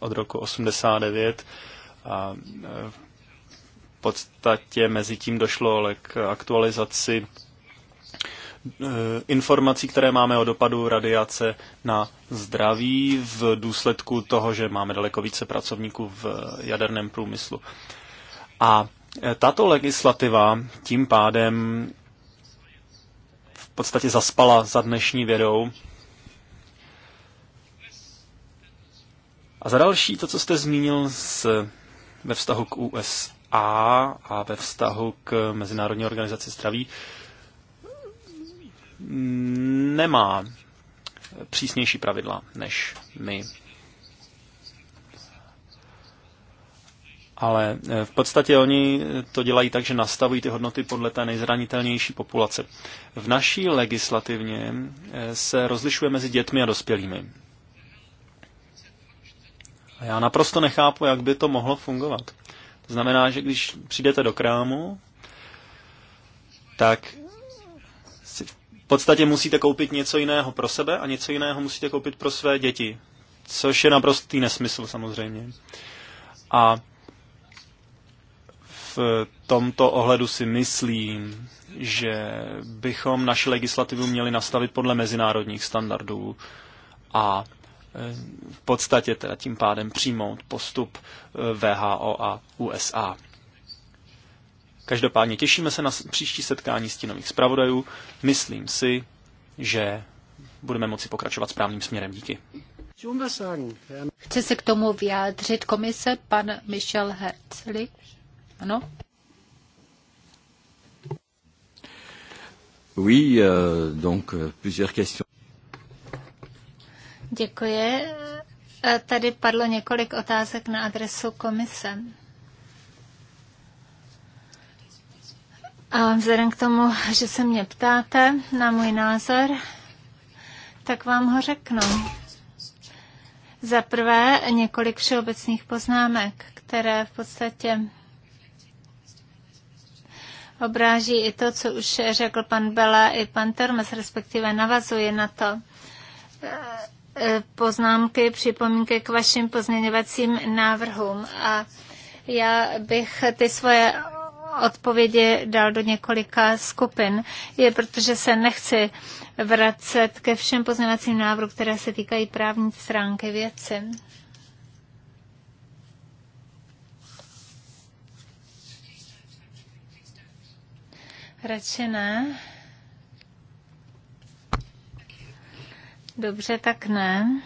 od roku 89 a e, v podstatě mezi tím došlo ale k aktualizaci e, informací, které máme o dopadu radiace na zdraví v důsledku toho, že máme daleko více pracovníků v jaderném průmyslu. A e, tato legislativa tím pádem v podstatě zaspala za dnešní vědou A za další, to, co jste zmínil s, ve vztahu k USA a ve vztahu k Mezinárodní organizaci zdraví, nemá přísnější pravidla než my. Ale eh, v podstatě oni to dělají tak, že nastavují ty hodnoty podle té nejzranitelnější populace. V naší legislativně eh, se rozlišuje mezi dětmi a dospělými. A já naprosto nechápu, jak by to mohlo fungovat. To znamená, že když přijdete do krámu, tak si v podstatě musíte koupit něco jiného pro sebe a něco jiného musíte koupit pro své děti. Což je naprostý nesmysl samozřejmě. A v tomto ohledu si myslím, že bychom naši legislativu měli nastavit podle mezinárodních standardů a Eh, v podstatě teda tím pádem přijmout postup eh, VHO a USA. Každopádně těšíme se na příští setkání stínových zpravodajů. Myslím si, že budeme moci pokračovat správným směrem. Díky. Chce se k tomu vyjádřit komise pan Michel Herzli? Ano? Oui, euh, donc euh, plusieurs questions. Děkuji. E, tady padlo několik otázek na adresu komise. A vzhledem k tomu, že se mě ptáte na můj názor, tak vám ho řeknu. Za prvé několik všeobecných poznámek, které v podstatě obráží i to, co už řekl pan Bela i pan Termes, respektive navazuje na to. E, poznámky, připomínky k vašim pozměňovacím návrhům a já bych ty svoje odpovědi dal do několika skupin, je protože se nechci vracet ke všem pozměňovacím návrhům, které se týkají právní stránky věci. Radši ne. Dobře, tak ne.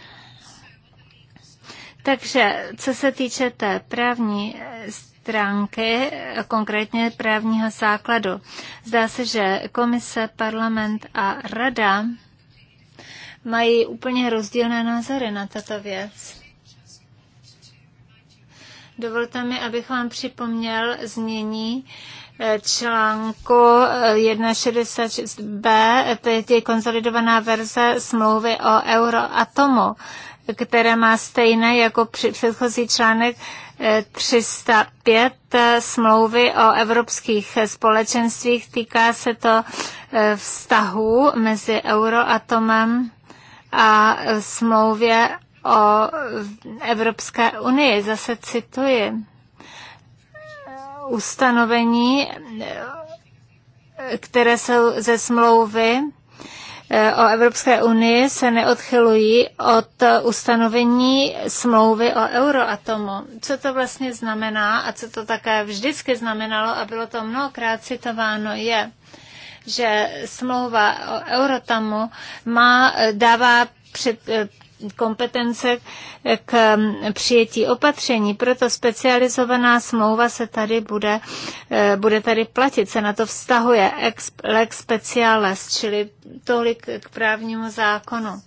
Takže co se týče té právní stránky, konkrétně právního základu, zdá se, že komise, parlament a rada mají úplně rozdílné názory na tato věc. Dovolte mi, abych vám připomněl znění eh, článku 166b, eh, to je konsolidovaná verze smlouvy o Euroatomu, které má stejné jako předchozí článek 305 eh, smlouvy o evropských společenstvích. Týká se to vztahu mezi Euroatomem a smlouvě o Evropské unii. Zase cituji ustanovení, které jsou ze smlouvy e, o Evropské unii se neodchylují od ustanovení smlouvy o Euroatomu. Co to vlastně znamená a co to také vždycky znamenalo a bylo to mnohokrát citováno je, že smlouva o Euratomu má, dává před, e, kompetence k přijetí opatření, proto specializovaná smlouva se tady bude, eh, bude tady platit, se na to vztahuje ex, lex specialis, čili tolik k právnímu zákonu,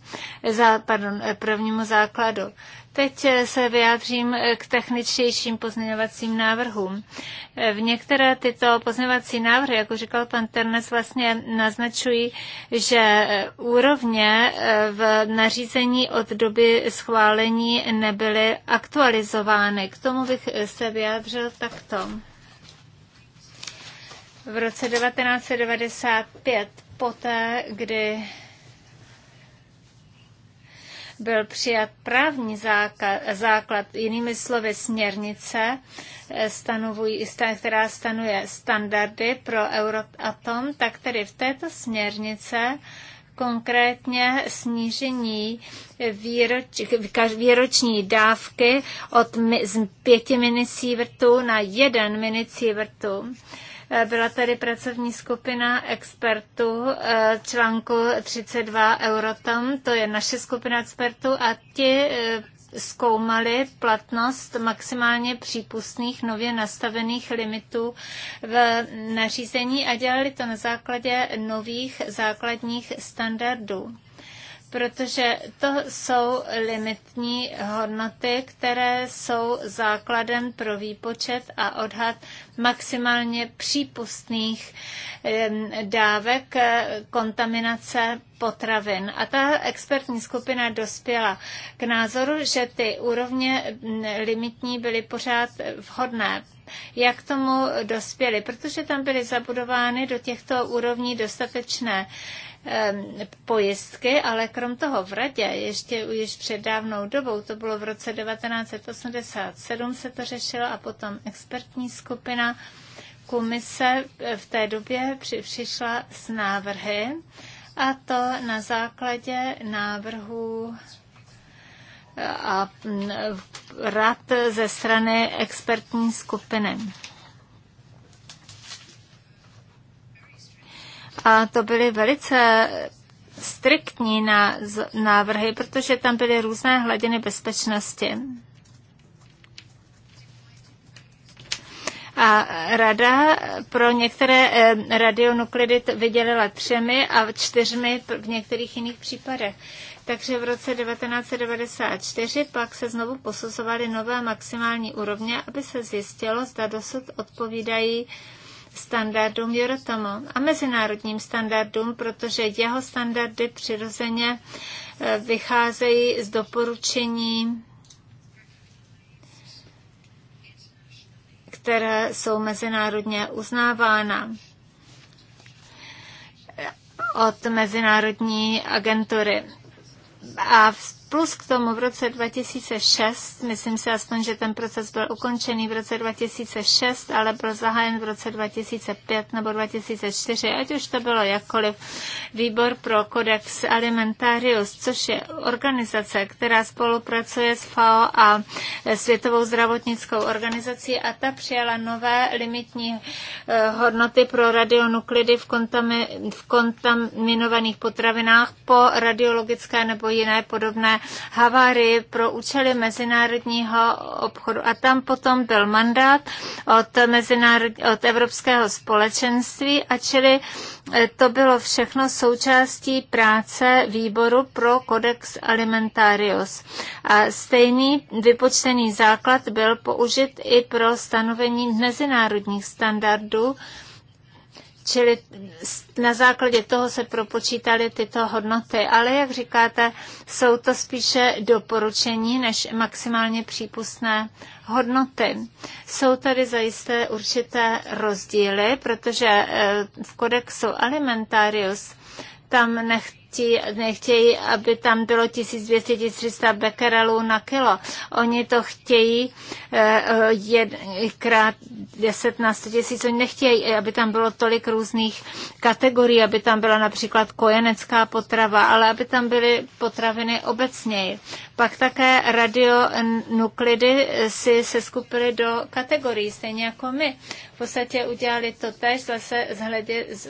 za, pardon, eh, právnímu základu. Teď se vyjádřím k techničtějším pozměňovacím návrhům. V některé tyto pozměňovací návrhy, jako říkal pan Ternes, vlastně naznačují, že úrovně v nařízení od doby schválení nebyly aktualizovány. K tomu bych se vyjádřil takto. V roce 1995, poté, kdy byl přijat právní základ, jinými slovy směrnice, eh, stanovují, která stanuje standardy pro Euroatom, tak tedy v této směrnice konkrétně snížení výroč, výroční dávky od, z minisívrtů na jeden minisívrtů. Byla tady pracovní skupina expertů eh, článku 32 Eurotom, to je naše skupina expertů a ti eh, zkoumali platnost maximálně přípustných nově nastavených limitů v nařízení a dělali to na základě nových základních standardů protože to jsou limitní hodnoty, které jsou základem pro výpočet a odhad maximálně přípustných dávek eh, kontaminace potravin. A ta expertní skupina dospěla k názoru, že ty úrovně mm, limitní byly pořád vhodné jak tomu dospěli, protože tam byly zabudovány do těchto úrovní dostatečné Ehm, pojistky, ale krom toho v radě, ještě už před dávnou dobou, to bylo v roce 1987 se to řešilo a potom expertní skupina komise eh, v té době při, přišla s návrhy a to na základě návrhů eh, a mm, eh, rad ze strany expertní skupiny. A to byly velice striktní na návrhy, protože tam byly různé hladiny bezpečnosti. A rada pro některé eh, radionuklidy vydělila třemi a čtyřmi v některých jiných případech. Takže v roce 1994 pak se znovu posuzovaly nové maximální úrovně, aby se zjistilo, zda dosud odpovídají eh, standardům Jorotomo a mezinárodním standardům, protože jeho standardy přirozeně e, vycházejí z doporučení, které jsou mezinárodně uznávána od Mezinárodní agentury. A v Plus k tomu v roce 2006, myslím si aspoň, že ten proces byl ukončený v roce 2006, ale byl zahájen v roce 2005 nebo 2004, ať už to bylo jakkoliv. Výbor pro Codex Alimentarius, což je organizace, která spolupracuje s FAO a Světovou zdravotnickou organizací a ta přijala nové limitní eh, hodnoty pro radionuklidy v, kontami, v kontaminovaných potravinách po radiologické nebo jiné podobné havárii pro účely mezinárodního obchodu. A tam potom byl mandát od, mezinárod... od Evropského společenství a čili eh, to bylo všechno součástí práce výboru pro Codex Alimentarius. A stejný vypočtený základ byl použit i pro stanovení mezinárodních standardů, standardů Čili na základě toho se propočítaly tyto hodnoty. Ale jak říkáte, jsou to spíše doporučení než maximálně přípustné hodnoty. Jsou tady zajisté určité rozdíly, protože eh, v kodexu alimentarius tam nech, ti nechtějí, aby tam bylo 1200-1300 bekerelů na kilo. Oni to chtějí eh, eh, krát 10 na 100 tisíc. Oni nechtějí, eh, aby tam bylo tolik různých kategorií, aby tam byla například kojenecká potrava, ale aby tam byly potraviny obecněji. Pak také radionuklidy si se skupily do kategorií, stejně jako my. V podstatě udělali to tež zase z, hledě, z,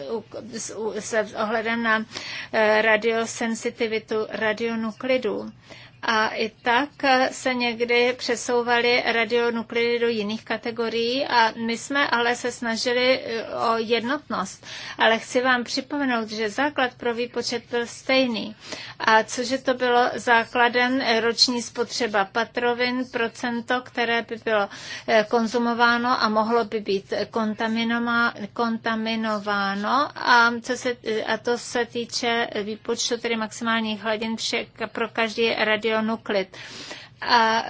z, z, z ohledem na eh, radiosensitivitu radionuklidů a i tak se někdy přesouvaly radionuklidy do jiných kategorií a my jsme ale se snažili eh, o jednotnost. Ale chci vám připomenout, že základ pro výpočet byl stejný. A cože to bylo základem eh, roční spotřeba patrovin, procento, které by bylo eh, konzumováno a mohlo by být kontaminováno. A, co se, a to se týče výpočtu tedy maximálních hladin pro každý radio Klid. A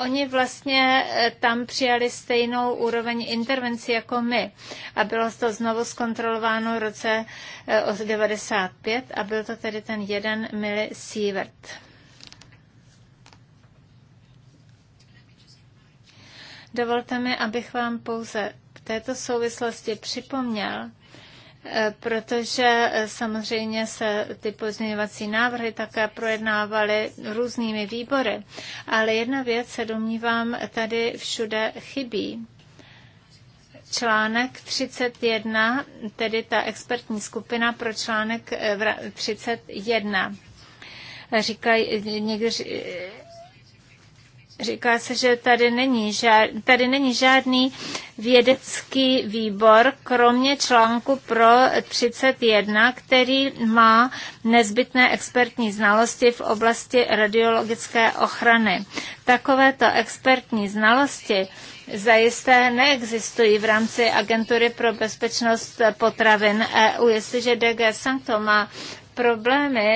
oni vlastně eh, tam přijali stejnou úroveň intervenci jako my. A bylo to znovu zkontrolováno v roce 95 eh, a byl to tedy ten jeden milisievert. Dovolte mi, abych vám pouze v této souvislosti připomněl, Eh, protože eh, samozřejmě se ty pozměňovací návrhy také projednávaly různými výbory. Ale jedna věc se domnívám tady všude chybí. Článek 31, tedy ta expertní skupina pro článek 31. Eh, Říkají, někdy Říká se, že tady není, žád, tady není žádný vědecký výbor, kromě článku pro 31, který má nezbytné expertní znalosti v oblasti radiologické ochrany. Takovéto expertní znalosti zajisté neexistují v rámci Agentury pro bezpečnost potravin EU. Jestliže DG Sancto má problémy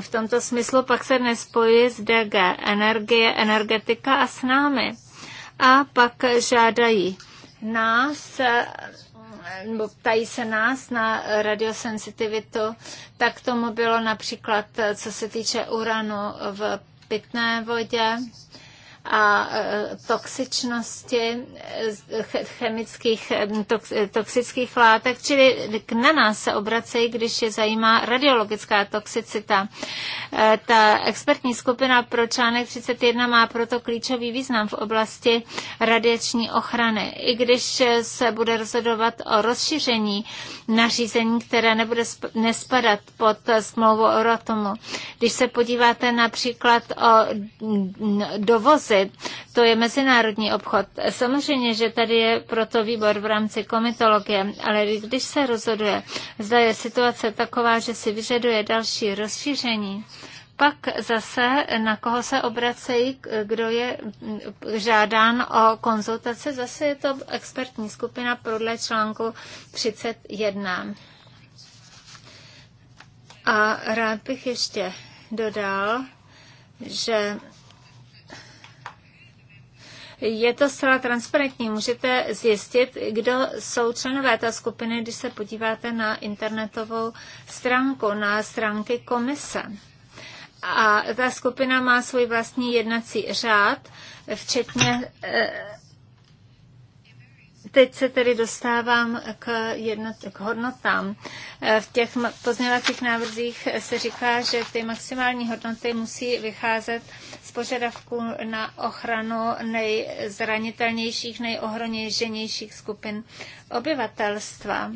v tomto smyslu pak se nespojí s DG Energie, Energetika a s námi. A pak žádají nás, nebo ptají se nás na radiosensitivitu, tak tomu bylo například, co se týče uranu v pitné vodě a e, toxičnosti e, chemických e, toxických látek, čili na nás se obracejí, když je zajímá radiologická toxicita. Ta expertní skupina pro článek 31 má proto klíčový význam v oblasti radiační ochrany. I když se bude rozhodovat o rozšíření nařízení, které nebude nespadat pod smlouvu atomu. Když se podíváte například o dovozy rámci. To je mezinárodní obchod. Samozřejmě, že tady je proto výbor v rámci komitologie, ale když se rozhoduje, zda je situace taková, že si vyžaduje další rozšíření, pak zase na koho se obracejí, kdo je žádán o konzultace, zase je to expertní skupina podle článku 31. A rád bych ještě dodal, že je to zcela transparentní. Můžete zjistit, kdo jsou členové té skupiny, když se podíváte na internetovou stránku, na stránky komise. A ta skupina má svůj vlastní jednací řád, včetně eh, teď se tedy dostávám k, jednot, k hodnotám. Eh, v těch pozměňovacích návrzích se říká, že ty maximální hodnoty musí vycházet požadavků na ochranu nejzranitelnějších, nejohroženějších skupin obyvatelstva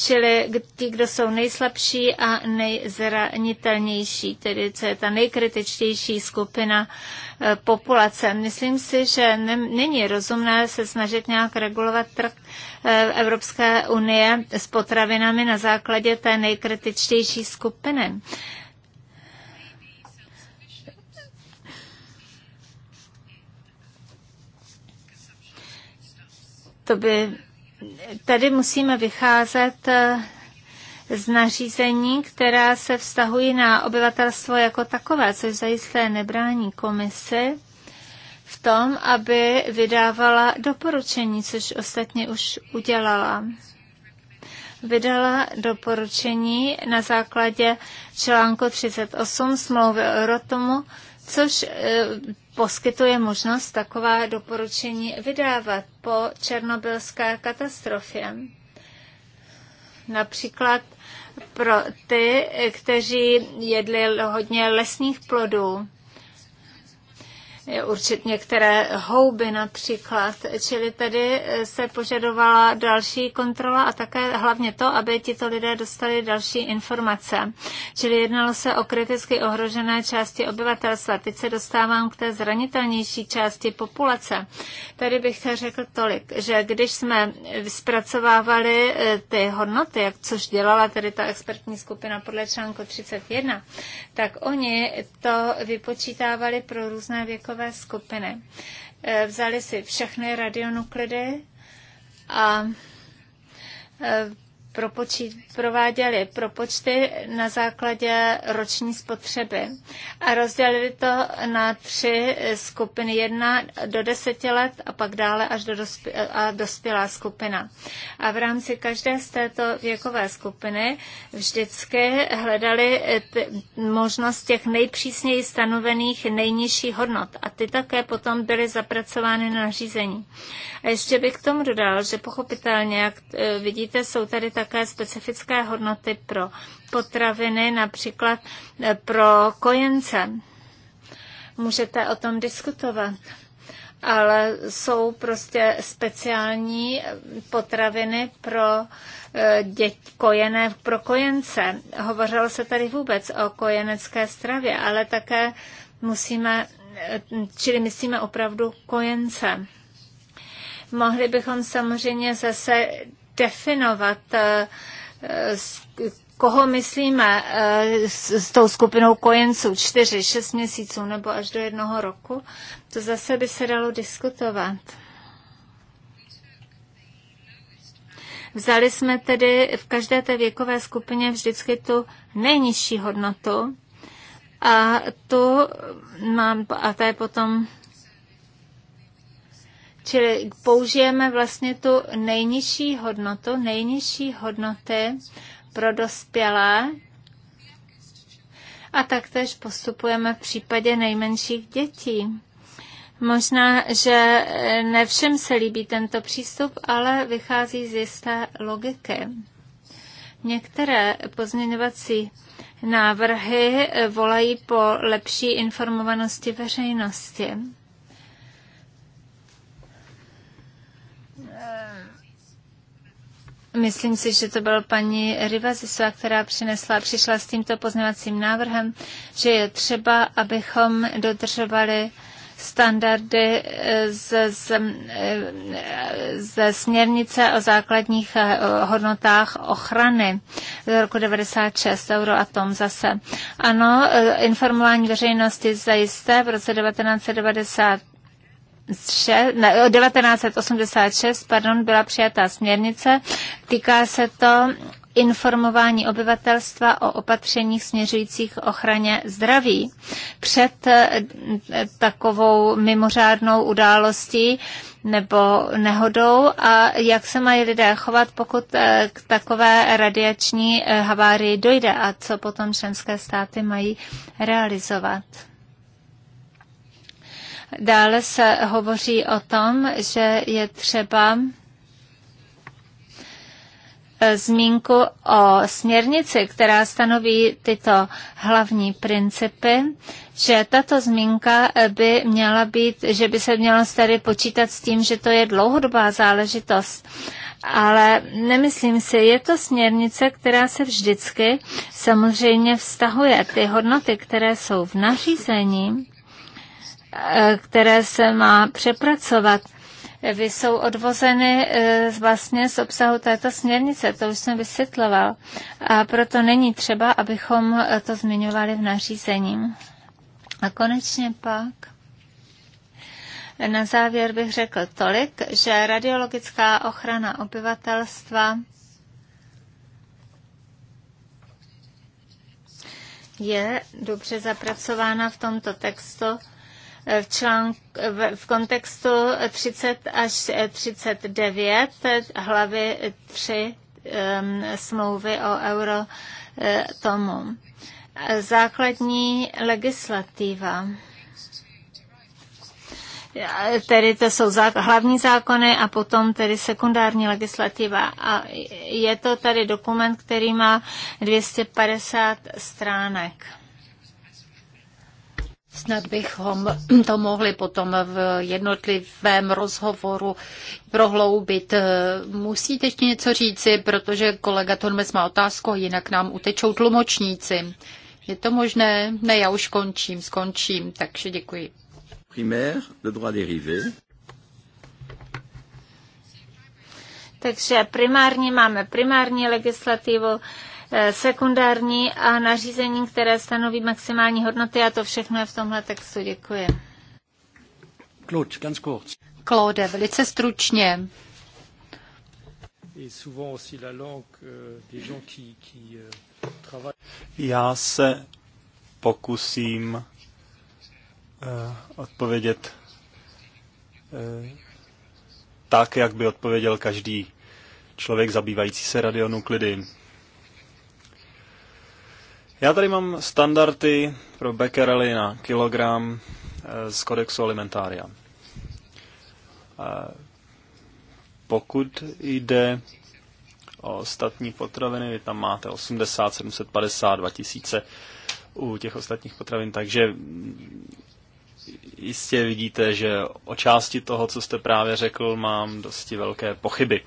čili ti, kdo jsou nejslabší a nejzranitelnější, tedy co je ta nejkritičtější skupina e, populace. Myslím si, že není rozumné se snažit nějak regulovat trh e, Evropské unie s potravinami na základě té nejkritičtější skupiny. To by, tady musíme vycházet eh, z nařízení, která se vztahují na obyvatelstvo jako takové, což zajisté nebrání komisi v tom, aby vydávala doporučení, což ostatně už udělala. Vydala doporučení na základě článku 38 smlouvy o Rotomu, což eh, poskytuje možnost taková doporučení vydávat po černobylské katastrofě. Například pro ty, kteří jedli hodně lesních plodů určitě některé houby například. Čili tady se požadovala další kontrola a také hlavně to, aby tito lidé dostali další informace. Čili jednalo se o kriticky ohrožené části obyvatelstva. Teď se dostávám k té zranitelnější části populace. Tady bych řekl tolik, že když jsme zpracovávali eh, ty hodnoty, jak což dělala tedy ta expertní skupina podle článku 31, tak oni to vypočítávali pro různé věkové rizikové skupiny. Eh, vzali si všechny radionuklidy a eh, propočít, prováděli propočty na základě roční spotřeby a rozdělili to na tři skupiny. Jedna do deseti let a pak dále až do dospě- a dospělá skupina. A v rámci každé z této věkové skupiny vždycky hledali možnost těch nejpřísněji stanovených nejnižších hodnot a ty také potom byly zapracovány na řízení. A ještě bych k tomu dodal, že pochopitelně, jak eh, vidíte, jsou tady tak také specifické hodnoty pro potraviny, například eh, pro kojence. Můžete o tom diskutovat ale jsou prostě speciální potraviny pro eh, děť, kojené, pro kojence. Hovořilo se tady vůbec o kojenecké stravě, ale také musíme, eh, čili myslíme opravdu kojence. Mohli bychom samozřejmě zase definovat, eh, koho myslíme eh, s tou skupinou kojenců, čtyři šest měsíců nebo až do jednoho roku, to zase by se dalo diskutovat. Vzali jsme tedy v každé té věkové skupině vždycky tu nejnižší hodnotu a tu mám, a to je potom Čili použijeme vlastně tu nejnižší hodnotu, nejnižší hodnoty pro dospělé a taktéž postupujeme v případě nejmenších dětí. Možná, že ne všem se líbí tento přístup, ale vychází z jisté logiky. Některé pozměňovací návrhy volají po lepší informovanosti veřejnosti. Myslím si, že to byla paní Rivazisová, která přinesla, přišla s tímto poznávacím návrhem, že je třeba, abychom dodržovali standardy eh, ze, ze, eh, ze směrnice o základních eh, hodnotách ochrany z roku 96 Euroatom zase. Ano, informování veřejnosti zajisté v roce 1990 1986 pardon, byla přijatá směrnice. Týká se to informování obyvatelstva o opatřeních směřujících ochraně zdraví. Před eh, takovou mimořádnou událostí nebo nehodou a jak se mají lidé chovat, pokud eh, k takové radiační eh, havárii dojde a co potom členské státy mají realizovat. Dále se hovoří o tom, že je třeba e, zmínku o směrnici, která stanoví tyto hlavní principy, že tato zmínka e, by měla být, že by se mělo tady počítat s tím, že to je dlouhodobá záležitost. Ale nemyslím si, je to směrnice, která se vždycky samozřejmě vztahuje. Ty hodnoty, které jsou v nařízení, Eh, které se má přepracovat, vy jsou odvozeny eh, vlastně z obsahu této směrnice, to už jsem vysvětloval. A proto není třeba, abychom eh, to zmiňovali v nařízení. A konečně pak. Na závěr bych řekl tolik, že radiologická ochrana obyvatelstva je dobře zapracována v tomto textu v, v kontextu 30 až 39 hlavy 3 um, smlouvy o euro e, tomu. Základní legislativa tedy to jsou zá- hlavní zákony a potom tedy sekundární legislativa. A je to tady dokument, který má 250 stránek. Snad bychom to mohli potom v jednotlivém rozhovoru prohloubit. Musíte ještě něco říci, protože kolega Tormes má otázku, jinak nám utečou tlumočníci. Je to možné? Ne, já už končím, skončím, takže děkuji. Primaire, le droit dérivé. Takže primárně máme primární legislativu, sekundární a nařízení, které stanoví maximální hodnoty a to všechno je v tomhle textu. Děkuji. Claude, ganz kurz. Claude, velice stručně. Euh, euh, Já se pokusím eh, odpovědět eh, tak, jak by odpověděl každý člověk zabývající se radionuklidy. Já tady mám standardy pro becquerely na kilogram eh, z kodexu alimentária. Eh, pokud jde o ostatní potraviny, vy tam máte 80, 750, 2000 u těch ostatních potravin, takže jistě vidíte, že o části toho, co jste právě řekl, mám dosti velké pochyby.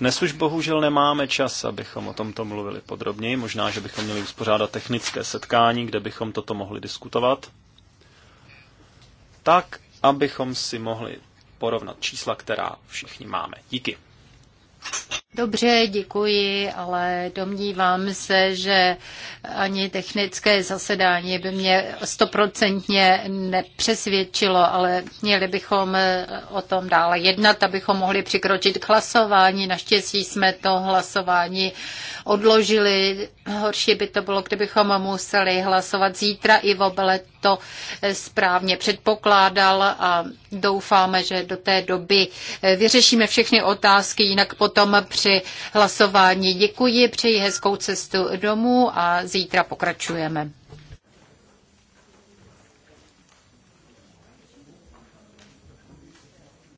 Dnes už bohužel nemáme čas, abychom o tomto mluvili podrobněji. Možná, že bychom měli uspořádat technické setkání, kde bychom toto mohli diskutovat. Tak, abychom si mohli porovnat čísla, která všichni máme. Díky. Dobře, děkuji, ale domnívám se, že ani technické zasedání by mě stoprocentně nepřesvědčilo, ale měli bychom eh, o tom dále jednat, abychom mohli přikročit k hlasování. Naštěstí jsme to hlasování odložili. Horší by to bylo, kdybychom museli hlasovat zítra. Ivo Bele to eh, správně předpokládal a doufáme, že do té doby eh, vyřešíme všechny otázky, jinak potom při při hlasování. Děkuji, přeji hezkou cestu domů a zítra pokračujeme.